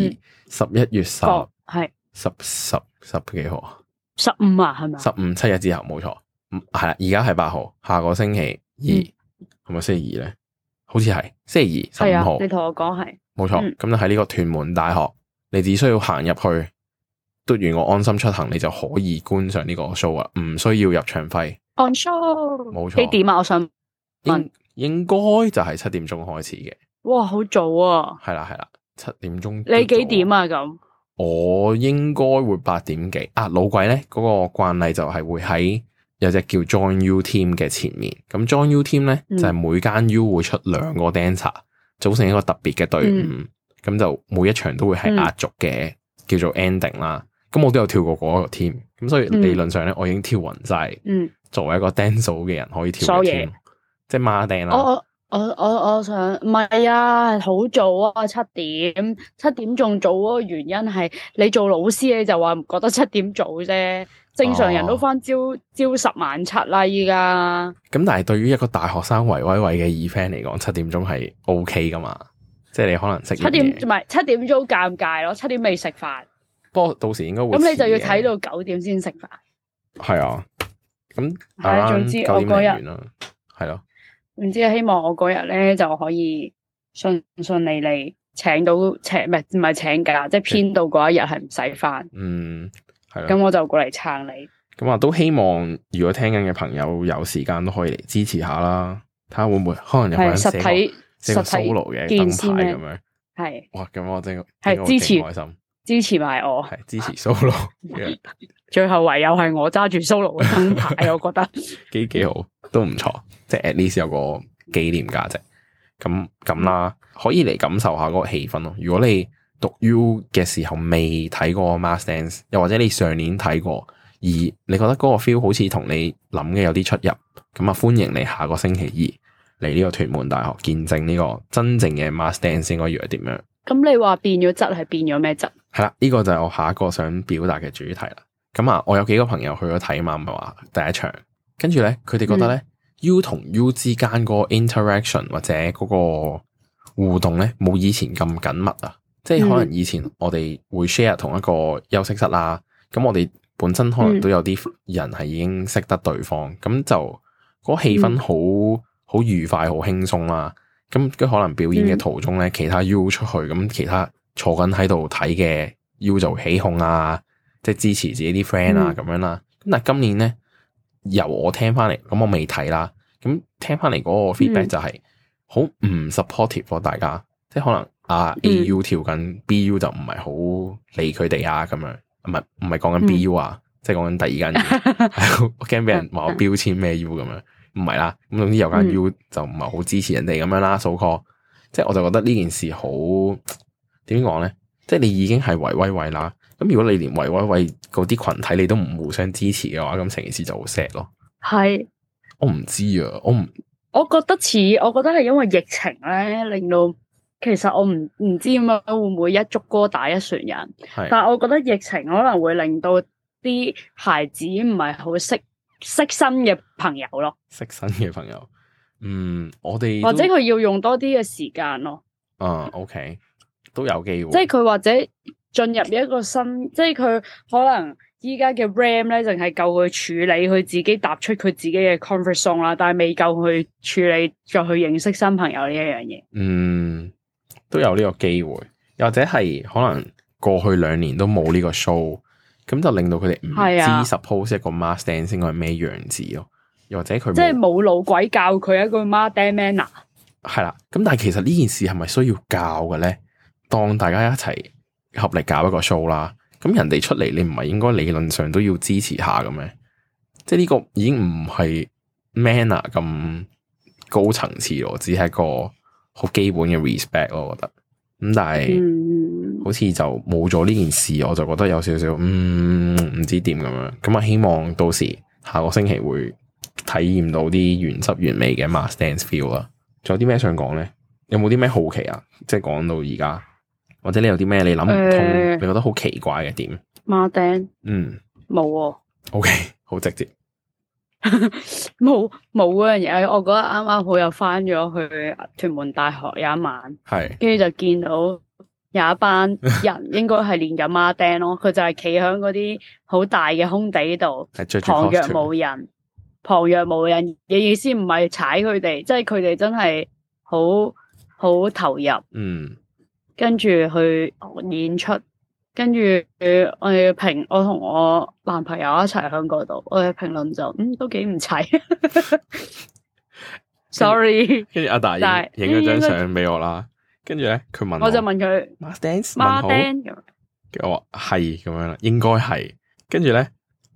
十一月十係十十十幾號啊？十五啊？係咪？十五七日之後冇錯，係啦。而家係八號，下個星期二。係咪星期二咧？好似係星期二，十一號。你同我講係。冇錯錯。咁就喺呢個屯門大學，你只需要行入去，度完我安心出行，你就可以觀賞呢個 show 啊，唔需要入場費。On show 錯。冇錯。幾點啊？我想問。應應該就係七點鐘開始嘅。哇，好早啊！係啦係啦，七點鐘。你幾點啊？咁。我應該會八點幾啊？老鬼咧，嗰、那個慣例就係會喺。有隻叫 Join U Team 嘅前面，咁 Join U Team 咧、嗯、就係每間 U 會出兩個 Dancer 組成一個特別嘅隊伍，咁、嗯、就每一場都會係壓軸嘅叫做 Ending 啦。咁我都有跳過嗰個 team，咁所以理論上咧我已經跳勻晒。嗯，作為一個 Dancer 嘅人可以跳話 team，即係孖釘喇。我我我我想唔係啊，好早啊，七點七點仲早啊，原因係你做老師咧就話唔覺得七點早啫。正常人都翻朝朝十晚七啦，依家、哦。咁但係對於一個大學生維維維嘅二 friend 嚟講，七點鐘係 OK 噶嘛？即係你可能食。七點唔係七點鐘，尷尬咯。七點未食飯。不過到時應該會。咁你就要睇到九點先食飯。係、嗯、啊，咁、嗯。誒，總之九點 我嗰日係咯。唔、啊、知希望我嗰日咧就可以順順利利請到請唔係唔係請假，即係編到嗰一日係唔使翻。嗯。嗯咁我就過嚟撐你。咁啊、嗯嗯嗯，都希望如果聽緊嘅朋友有時間都可以嚟支持下啦，睇下會唔會可能有，有人實體，即係個 Solo 嘅燈牌咁樣。係，哇！咁、嗯、我真係支持，開心支持埋我，係支持 Solo。最後唯有係我揸住 Solo 嘅燈牌， [laughs] 我覺得幾幾好，都唔錯。即係 at least 有個紀念價值。咁咁啦，可以嚟感受下嗰個氣氛咯。如果你讀 U 嘅時候未睇過 Mass Dance，又或者你上年睇過，而你覺得嗰個 feel 好似同你諗嘅有啲出入，咁啊歡迎你下個星期二嚟呢個屯門大學見證呢個真正嘅 Mass Dance 應該要係點樣？咁你話變咗質係變咗咩質？係啦，呢、這個就係我下一個想表達嘅主題啦。咁啊，我有幾個朋友去咗睇嘛，咪話第一場，跟住咧佢哋覺得咧、嗯、U 同 U 之間嗰個 interaction 或者嗰個互動咧冇以前咁緊密啊。即係可能以前我哋會 share 同一個休息室啦，咁我哋本身可能都有啲人係已經識得對方，咁、嗯、就嗰個氣氛好好、嗯、愉快、好輕鬆啦。咁佢可能表演嘅途中咧，其他 U 出去，咁其他坐緊喺度睇嘅 U 就起哄啊，即係支持自己啲 friend 啊咁、嗯、樣啦。咁但係今年咧，由我聽翻嚟，咁我未睇啦，咁聽翻嚟嗰個 feedback 就係好唔 supportive 咯，嗯、大家即係可能。啊、uh, mm.，A U 跳緊，B U 就唔係好理佢哋啊，咁樣唔係唔係講緊 B U、mm. 啊，即係講緊第二間， [laughs] [laughs] 我驚俾人話我標籤咩 U 咁樣，唔係啦，咁總之有間 U、mm. 就唔係好支持人哋咁樣啦，數科，即係我就覺得呢件事好點講咧，即係你已經係維威衛啦，咁如果你連維威衛嗰啲群體你都唔互相支持嘅話，咁成件事就好 sad 咯。係是，我唔知啊，我唔，我覺得似，我覺得係因為疫情咧令到。其實我唔唔知咁樣會唔會一竹篙打一船人，是但係我覺得疫情可能會令到啲孩子，唔係好識識新嘅朋友咯。識新嘅朋友，嗯，我哋或者佢要用多啲嘅時間咯。啊，OK，都有機會。即係佢或者進入一個新，即係佢可能依家嘅 RAM 咧，淨係夠佢處理佢自己踏出佢自己嘅 comfort 啦，但係未夠去處理再去認識新朋友呢一樣嘢。嗯。都有呢個機會，或者係可能過去兩年都冇呢個 show，咁就令到佢哋唔知 suppose 一個 mass dance 應該係咩樣子咯，又或者佢即係冇老鬼教佢一個 master manner。啊。係啦，咁但係其實呢件事係咪需要教嘅咧？當大家一齊合力搞一個 show 啦，咁人哋出嚟，你唔係應該理論上都要支持下嘅咩？即係呢個已經唔係 manner 咁高層次咯，只係一個。好基本嘅 respect 咯、啊，我覺得咁，但係、嗯、好似就冇咗呢件事，我就覺得有少少，嗯，唔知點咁樣。咁啊，希望到時下個星期會體驗到啲原汁原味嘅 Mass Dance Feel 啦。仲有啲咩想講咧？有冇啲咩好奇啊？即係講到而家，或者你有啲咩你諗唔通，呃、你覺得好奇怪嘅點 Mass Dance？丁嗯，冇、哦。OK，好直接。冇冇嗰樣嘢，我覺得啱啱好又翻咗去屯門大學有一晚，係是，跟住就見到有一班人， [laughs] 應該係練緊孖釘咯，佢就係企響嗰啲好大嘅空地度，旁若無人，旁若無人嘅意思唔係踩佢哋，即係佢哋真係好好投入，嗯，跟住去演出。跟住我哋評，我同我男朋友一齊喺嗰度，我哋評論就嗯都幾唔齊，sorry 跟住。跟住阿大爺影咗張相俾該我啦，跟住咧佢問我，我就問佢，孖釘孖釘咁，我話係咁樣啦，應該係。跟住咧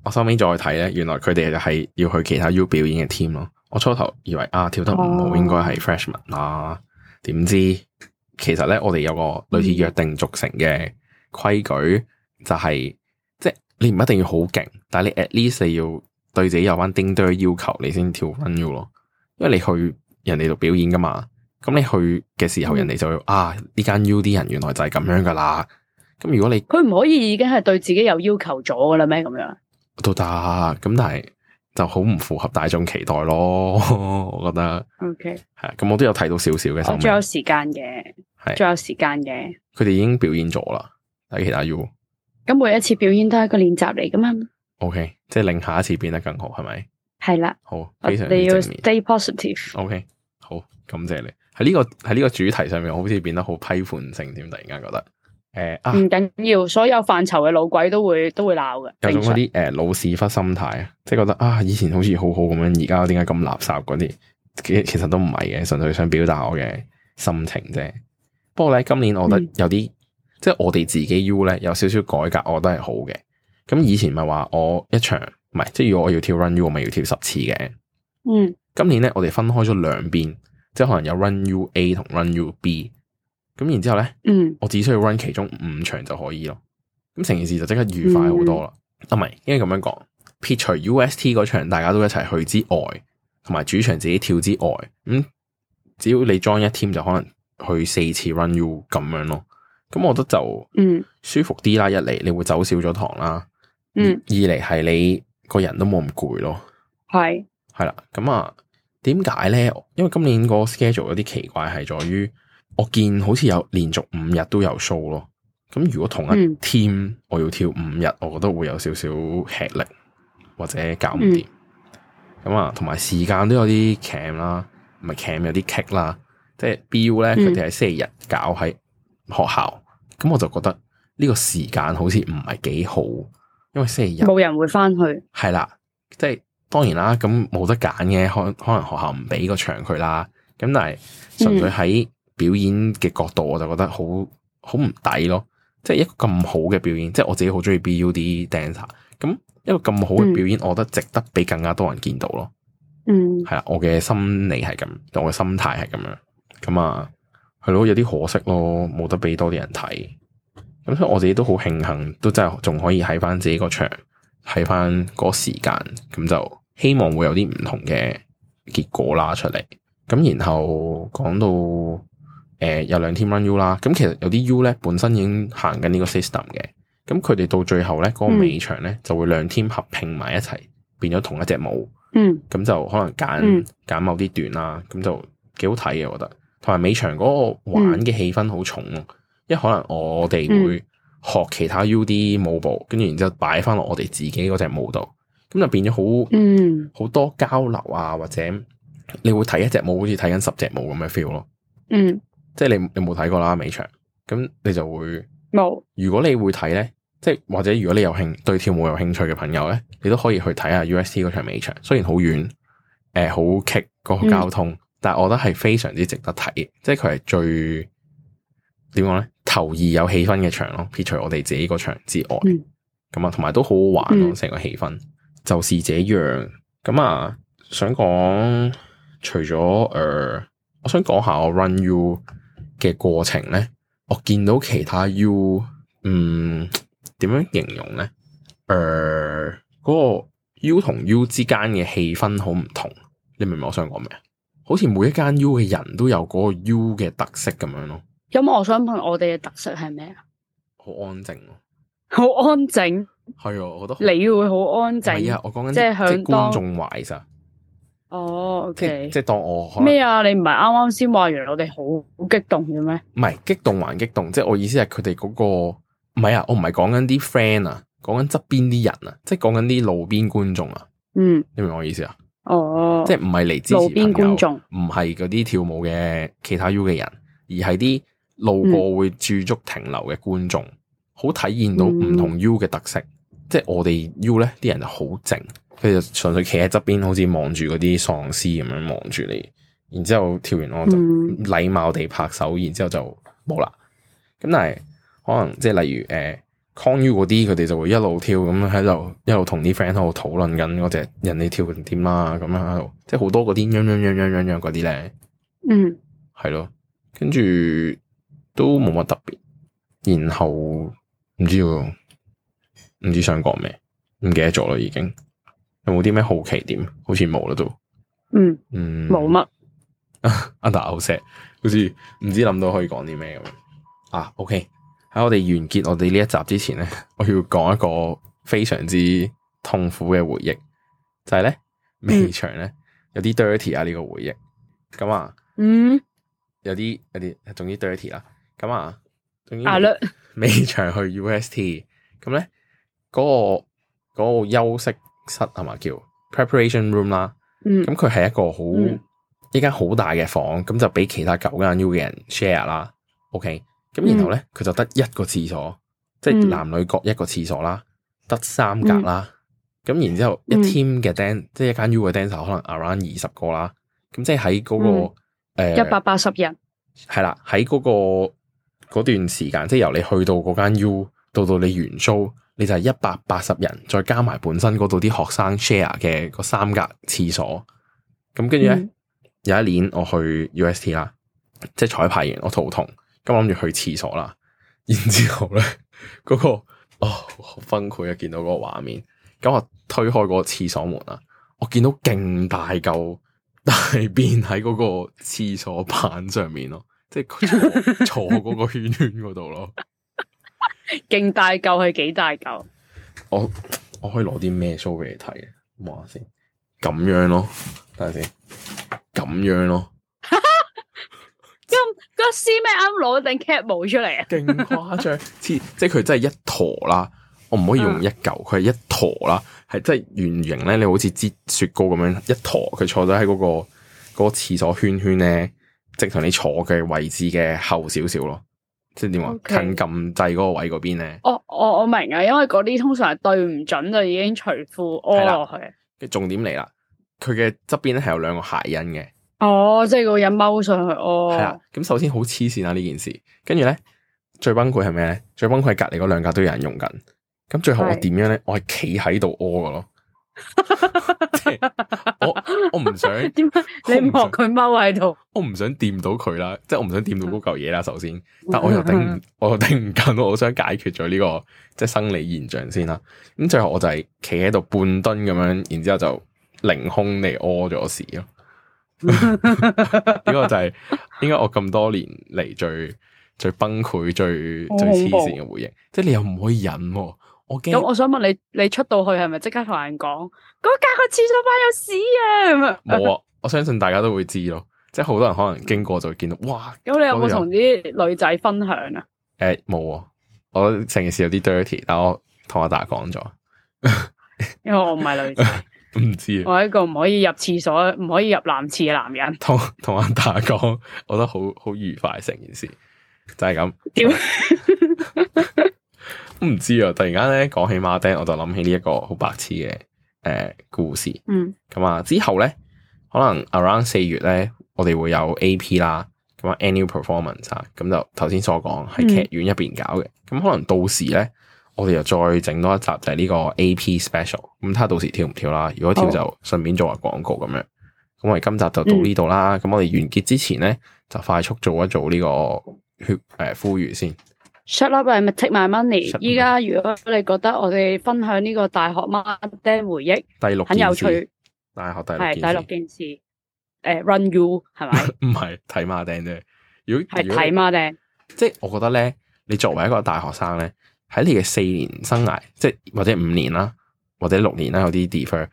我收尾再睇咧，原來佢哋就係要去其他 U 表演嘅 team 咯。我初頭以為啊跳得唔好，哦，應該係 freshman 啊，點知其實咧我哋有個類似約定俗成嘅。Mm. 規矩就係、是、即係你唔一定要好勁，但係你 at least 要對自己有班叮當要求，你先跳返 u 咯。因為你去人哋度表演噶嘛，咁你去嘅時候，人哋就會、嗯、啊呢間 u 啲人原來就係咁樣噶啦。咁如果你佢唔可以已經係對自己有要求咗噶啦咩？咁樣都得，咁但係就好唔符合大眾期待咯。 [laughs] 我覺得，OK 係咁，我都有睇到少少嘅，仲、哦、是有時間嘅，係仲是有時間嘅，佢哋已經表演咗啦。睇其他 U，咁每一次表演都係一個練習嚟噶嘛？O、okay, K，即係令下一次變得更好，係咪？係啦的，好，非常我哋要 stay positive。O K，好，感謝你。喺呢、這個喺呢個主題上面，我好似變得好批判性，點突然間覺得誒啊？唔緊要，所有範疇嘅老鬼都會都會鬧嘅，有啲誒常、呃、老屎忽心態啊，即係覺得啊，以前好似好好咁樣，而家點解咁垃圾嗰啲？其實其實都唔係嘅，純粹想表達我嘅心情啫。不過咧，今年我覺得有啲、嗯。即係我哋自己 U 呢，有少少改革我覺，我覺得係好嘅。咁以前咪話我一場唔係，即係如果我要跳 run U 我咪要跳十次嘅。嗯，今年呢，我哋分開咗兩邊，即係可能有 run U A 同 run U B。咁然之後咧，嗯，我只需要 run 其中五場就可以咯。咁成件事就即刻愉快好多啦。嗯、啊咪，係，應該咁樣講，撇除 UST 嗰場大家都一齊去之外，同埋主場自己跳之外，咁、嗯、只要你 join 一 team 就可能去四次 run U 咁樣咯。咁我覺得就舒服啲啦，嗯、一嚟你會走少咗堂啦，嗯、二二嚟係你個人都冇咁攰咯，係係啦，咁啊點解咧？因為今年個 schedule 有啲奇怪，係在於我見好似有連續五日都有 show 咯，咁如果同一 team，我要跳五日，我覺得會有少少吃力或者搞唔掂。咁啊、嗯，同埋時間都有啲 camp 啦，唔係 camp 有啲 k 啦，即係 B.U. 咧佢哋係星期日搞喺學校。嗯咁我就覺得呢個時間好似唔係幾好，因為星期日冇人會翻去。係啦，即係當然啦，咁冇得揀嘅，可可能學校唔俾個場佢啦。咁但係純粹喺表演嘅角度，我就覺得好好唔抵咯。即係一個咁好嘅表演，即係我自己好中意 BUD dancer。咁一個咁好嘅表演，嗯、我覺得值得俾更加多人見到咯。嗯，係啦，我嘅心理係咁，我嘅心態係咁樣，咁啊。係咯，有啲可惜咯，冇得俾多啲人睇。咁所以我自己都好慶幸，都真係仲可以喺翻自己個場，喺翻嗰個時間，咁就希望會有啲唔同嘅結果啦出嚟。咁然後講到誒、呃、有兩 team run U 啦，咁其實有啲 U 咧本身已經行緊呢個 system 嘅，咁佢哋到最後咧嗰、嗰個尾場咧就會兩 team 合拼埋一齊，嗯、變咗同一隻舞。嗯，咁就可能揀揀某啲段啦，咁就幾好睇嘅，我覺得。同埋美場嗰個玩嘅氣氛好重咯，因為、嗯、可能我哋會學其他 U D 舞步，跟住、嗯、然之後擺翻落我哋自己嗰隻舞度，咁就變咗好，嗯，好多交流啊，或者你會睇一隻舞好似睇緊十隻舞咁嘅 feel 咯，嗯，即係你你冇睇過啦美場，咁你就會冇。有如果你會睇咧，即係或者如果你有興對跳舞有興趣嘅朋友咧，你都可以去睇下 U S T 嗰場美場，雖然好遠，誒好棘嗰個交通。嗯但係我覺得係非常之值得睇，即係佢係最點講咧，頭二有氣氛嘅場咯，撇除我哋自己個場之外，咁、嗯、啊，同埋都好好玩咯，成個氣氛就是這樣。咁啊，想講除咗誒、呃，我想講下我 run U 嘅過程咧，我見到其他 U，嗯，點樣形容咧？誒、呃，嗰、那個 U 同 U 之間嘅氣氛好唔同，你明唔明我想講咩啊？好似每一間 U 嘅人都有嗰個 U 嘅特色咁樣咯。有冇我想問我、啊，我哋嘅特色係咩啊？好安靜，好安靜，係啊，我覺得你會好安靜啊！我講緊即係向觀眾懷實。哦，即係即係當我咩啊？你唔係啱啱先話完我哋好好激動嘅咩？唔係激動還激動，即係我意思係佢哋嗰個唔係啊！我唔係講緊啲 friend 啊，講緊側邊啲人啊，即係講緊啲路邊觀眾啊。嗯，你明我意思啊？哦，即係唔係嚟支持朋友觀眾，唔係嗰啲跳舞嘅其他 U 嘅人，而係啲路過會駐足停留嘅觀眾，好、嗯、體現到唔同 U 嘅特色。嗯、即係我哋 U 呢啲人就,靜就好靜，佢就純粹企喺側邊，好似望住嗰啲喪屍咁樣望住你，然之後跳完我就禮貌地拍手，嗯、然之後就冇啦。咁但係可能即係例如誒。呃 c 康於嗰啲，佢哋就會一路跳，咁喺度一路同啲 friend 喺度討論緊嗰隻人哋跳成點啊，咁樣喺度，即係好多嗰啲樣樣樣樣樣樣嗰啲咧。嗯，係、嗯、咯，跟、嗯、住都冇乜特別，然後唔知唔知想講咩，唔記得咗咯，已經了了，有冇啲咩好奇點？好似冇啦都。嗯，嗯，冇乜。阿達 [laughs] 好錫，好似唔知諗到可以講啲咩咁。啊，OK。喺我哋完結我哋呢一集之前咧，我要講一個非常之痛苦嘅回憶，就係、是、咧，尾場咧有啲 dirty 啊呢、這個回憶，咁啊，嗯，有啲有啲，總之 dirty 啦、啊，咁啊，總之，阿律尾場去 UST，咁咧嗰個、那個休息室係咪叫 preparation room 啦，咁佢係一個好、嗯、一間好大嘅房，咁就俾其他九間 U 嘅人 share 啦，OK。咁然後咧，佢就得一個廁所，嗯、即係男女各一個廁所啦，得三格啦。咁、嗯、然之後一 ance,、嗯，一 team 嘅 dancer，即係一間 U 嘅 dancer，可能 around 二十個啦。咁即係喺嗰個誒，一百八十人，係、呃、啦，喺嗰、嗰個嗰段時間，即係由你去到嗰間 U，到到你原租，你就係一百八十人，再加埋本身嗰度啲學生 share 嘅三格廁所。咁跟住咧，嗯、有一年我去 UST 啦，即係彩排完我肚痛。咁我諗住去廁所啦，然之後咧嗰個哦崩潰啊，見到嗰個畫面，咁我推開嗰個廁所門啦，我見到勁大嚿大便喺嗰個廁所板上面咯，即係坐嗰個圈圈嗰度咯，勁 [laughs] 大嚿係幾大嚿？我我可以攞啲咩書俾你睇啊？望下先看看，咁樣咯，等下先，咁樣咯。等等 C-man 啱攞定 cap 帽出嚟啊！勁誇張，即係佢真係一坨啦，我唔可以用一嚿，佢係、嗯、一坨啦，係真係圓形咧。你好似擠雪糕咁樣一坨，那個，佢坐咗喺嗰個嗰個廁所圈圈咧，即係同你坐嘅位置嘅後少少咯，即係點啊？Okay. 近撳掣嗰個位嗰邊咧。我我、oh, oh, 我明啊，因為嗰啲通常係對唔準就已經隨附屙落去。重點嚟啦，佢嘅側邊咧係有兩個鞋印嘅。哦，即係個人踎上去屙。係、哦、啦，咁首先好黐綫啊呢件事，跟住咧最崩潰係咩咧？最崩潰隔籬嗰兩格都有人用緊，咁最後我點樣咧？我係企喺度屙噶咯，我我唔想，樣想你望佢踎喺度，我唔想掂到佢啦，即、就、係、是、我唔想掂到嗰嚿嘢啦。首先，但我又頂唔， [laughs] 我又頂唔緊，我想解決咗呢、這個即係生理現象先啦。咁最後我就係企喺度半蹲咁樣，然之後就凌空嚟屙咗屎咯。呢個 [laughs] 就係、是，點解我咁多年嚟最最崩潰、最最黐線嘅回應？即係你又唔可以忍喎、啊！我驚咁，我想問你，你出到去係咪即刻同人講嗰格個廁所板有屎啊？冇啊，啊！我相信大家都會知咯，即係好多人可能經過就會見到哇！咁你有冇同啲女仔分享啊？誒、欸，冇啊！我成件事有啲 dirty，但我同阿達講咗， [laughs] 因為我唔係女。唔知啊！我一個唔可以入廁所、唔可以入男廁嘅男人，同同阿達講，我覺得好好愉快成件事，就係、是、咁。唔 [laughs] [laughs] 知啊！突然間咧講起孖釘，我就諗起呢一個好白痴嘅誒故事。嗯，咁啊之後咧，可能 around 四月咧，我哋會有 A P 啦，咁啊 annual performance 啊，咁就頭先所講喺劇院入邊搞嘅，咁、嗯、可能到時咧。我哋又再整多一集就係呢個 AP Special，咁睇下到時跳唔跳啦。如果跳就順便做下廣告咁樣。咁我哋今集就到呢度啦。咁、嗯、我哋完結之前咧，就快速做一做呢個血誒呼籲先。Shut up and take my money。依家如果你覺得我哋分享呢個大學孖釘回憶，第六件趣，大學第六係第六件事，誒，run you 係嘛？唔係睇孖釘啫。如果係睇是孖釘，即係我覺得咧，你作為一個大學生咧。喺你嘅四年生涯，即係或者五年啦，或者六年啦，有啲 defer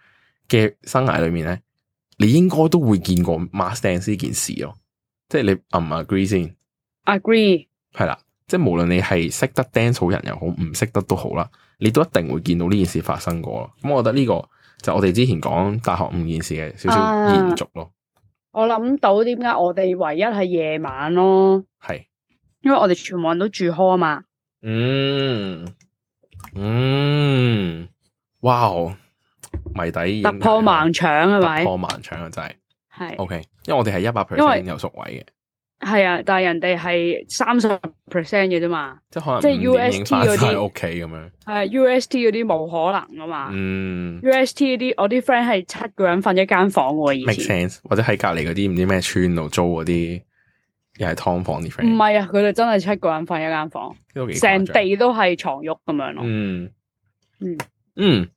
嘅生涯裏面咧，你應該都會見過 mass dance 呢件事咯。即係你唔 agree 先 I，agree 係啦。即係無論你係識得 dance 好人又好，唔識得都好啦，你都一定會見到呢件事發生過咯。咁、嗯、我覺得呢個就我哋之前講大學五件事嘅少少延續咯。Uh, 我諗到點解我哋唯一係夜晚咯，係是因為我哋全部人都住 hall 嘛。嗯嗯，哇！好謎底，突破盲腸係咪？突破盲腸就係係 OK，因為我哋係一百 percent 有宿位嘅，係啊。但係人哋係三十 percent 嘅啫嘛，即係可能即係 UST 嗰啲屋企咁樣，係 UST 嗰啲冇可能噶嘛。嗯，UST 嗰啲我啲 friend 係七個人瞓一間房嘅喎、啊，以前或者喺隔籬嗰啲唔知咩村度租嗰啲。又係劏房啲 friend？唔係啊，佢哋真係七個人瞓一間房，成地都係床褥咁樣咯。嗯嗯嗯，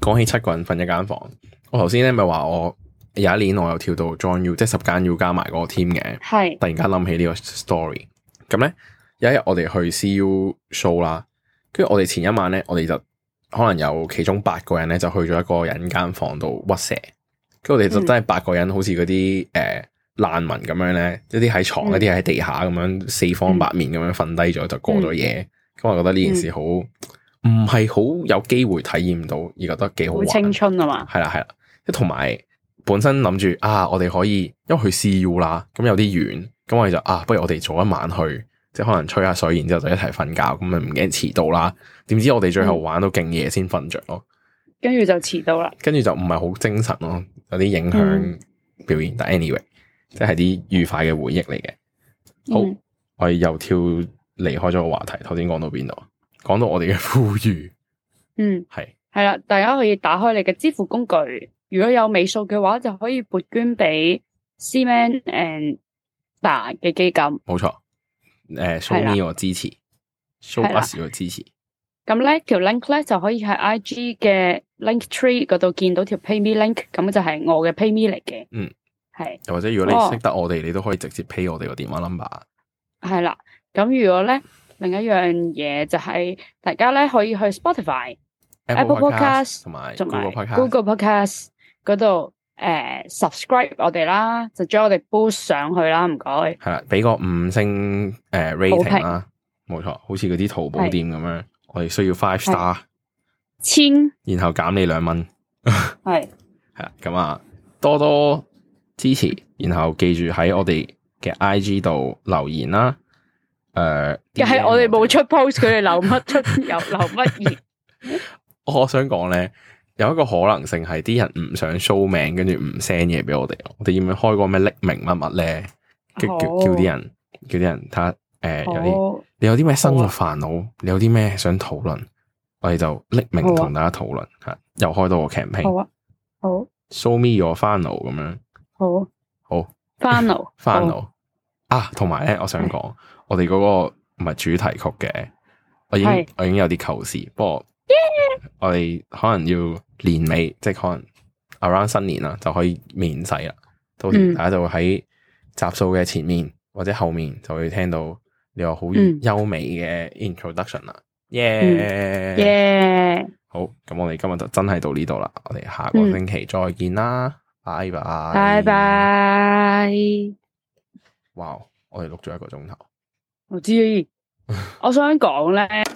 講起七個人瞓一間房，我頭先咧咪話我有一年我又跳到 Join U，即係十間 U 加埋嗰個 team 嘅。係是。突然間諗起呢個 story，咁咧有一日我哋去 CU show 啦，跟住我哋前一晚咧，我哋就可能有其中八個人咧就去咗一個人間房度屈蛇，跟住我哋就真係八個人好似嗰啲誒。嗯呃難民咁樣咧，一啲喺床，一啲喺地下咁樣四方八面咁樣瞓低咗就過咗夜。咁、嗯、我覺得呢件事好唔係好有機會體驗到，而覺得幾好。好青春啊嘛！係啦係啦，即同埋本身諗住啊，我哋可以因為去 CU 啦，咁有啲遠，咁我哋就啊，不如我哋早一晚去，即係可能吹下水，然之後就一齊瞓覺，咁咪唔驚遲到啦。點知我哋最後玩到勁夜先瞓着咯，跟住、嗯、就遲到啦。跟住就唔係好精神咯，有啲影響表現。但 anyway。即係啲愉快嘅回憶嚟嘅。好，mm. 我哋又跳離開咗個話題。頭先講到邊度？講到我哋嘅呼籲。嗯，係係啦，大家可以打開你嘅支付工具，如果有尾數嘅話，就可以撥捐俾 Cman and 大嘅基金。冇錯，誒、呃、Show me 我支持，Show us 我支持。咁咧條 link 咧就可以喺 IG 嘅 link tree 嗰度見到條 pay me link，咁就係我嘅 pay me 嚟嘅。嗯。係，哦、或者如果你識得我哋，你都可以直接 pay 我哋個電話 number。係啦，咁如果咧，另一樣嘢就係大家咧可以去 Spotify、Apple Podcast 同埋 Google Podcast 嗰度誒 subscribe 我哋啦，就將我哋 boot 上去啦，唔該。係啦，俾個五星誒、呃、rating 啦平，冇錯，好似嗰啲淘寶店咁樣，的我哋需要 five star，千，然後減你兩蚊，係 [laughs] ，係啦，咁啊多多，多。支持，然後記住喺我哋嘅 I G 度留言啦。誒、呃，又係我哋冇出 post，佢哋 [laughs] 留乜出？又留乜嘢？ [laughs] [laughs] 我想講咧，有一個可能性係啲人唔想 show 名，跟住唔 send 嘢俾我哋。我哋要唔要開個咩匿名乜乜咧？叫叫啲人，叫啲人睇下。誒，看看呃、好有啲你有啲咩生活煩惱？啊、你有啲咩想討論？我哋就匿名同大家討論吓，啊、又開到個 campaign。好 show me your f 煩惱咁樣。好，好，Final，Final 啊，同埋咧，我想講，hey. 我哋嗰個唔係主題曲嘅，我已經、hey. 我已經有啲求事。不過、yeah. 我哋可能要年尾，即係可能 Around 新年啦，就可以面世啦。到時大家就會喺集數嘅前面、mm. 或者後面就會聽到你話好優美嘅 Introduction 啦。耶耶耶耶耶好，咁我哋今日就真係到呢度啦，我哋下個星期再見啦。拜拜拜拜！哇，我哋錄咗一個鐘頭，我知， [laughs] 我想講咧。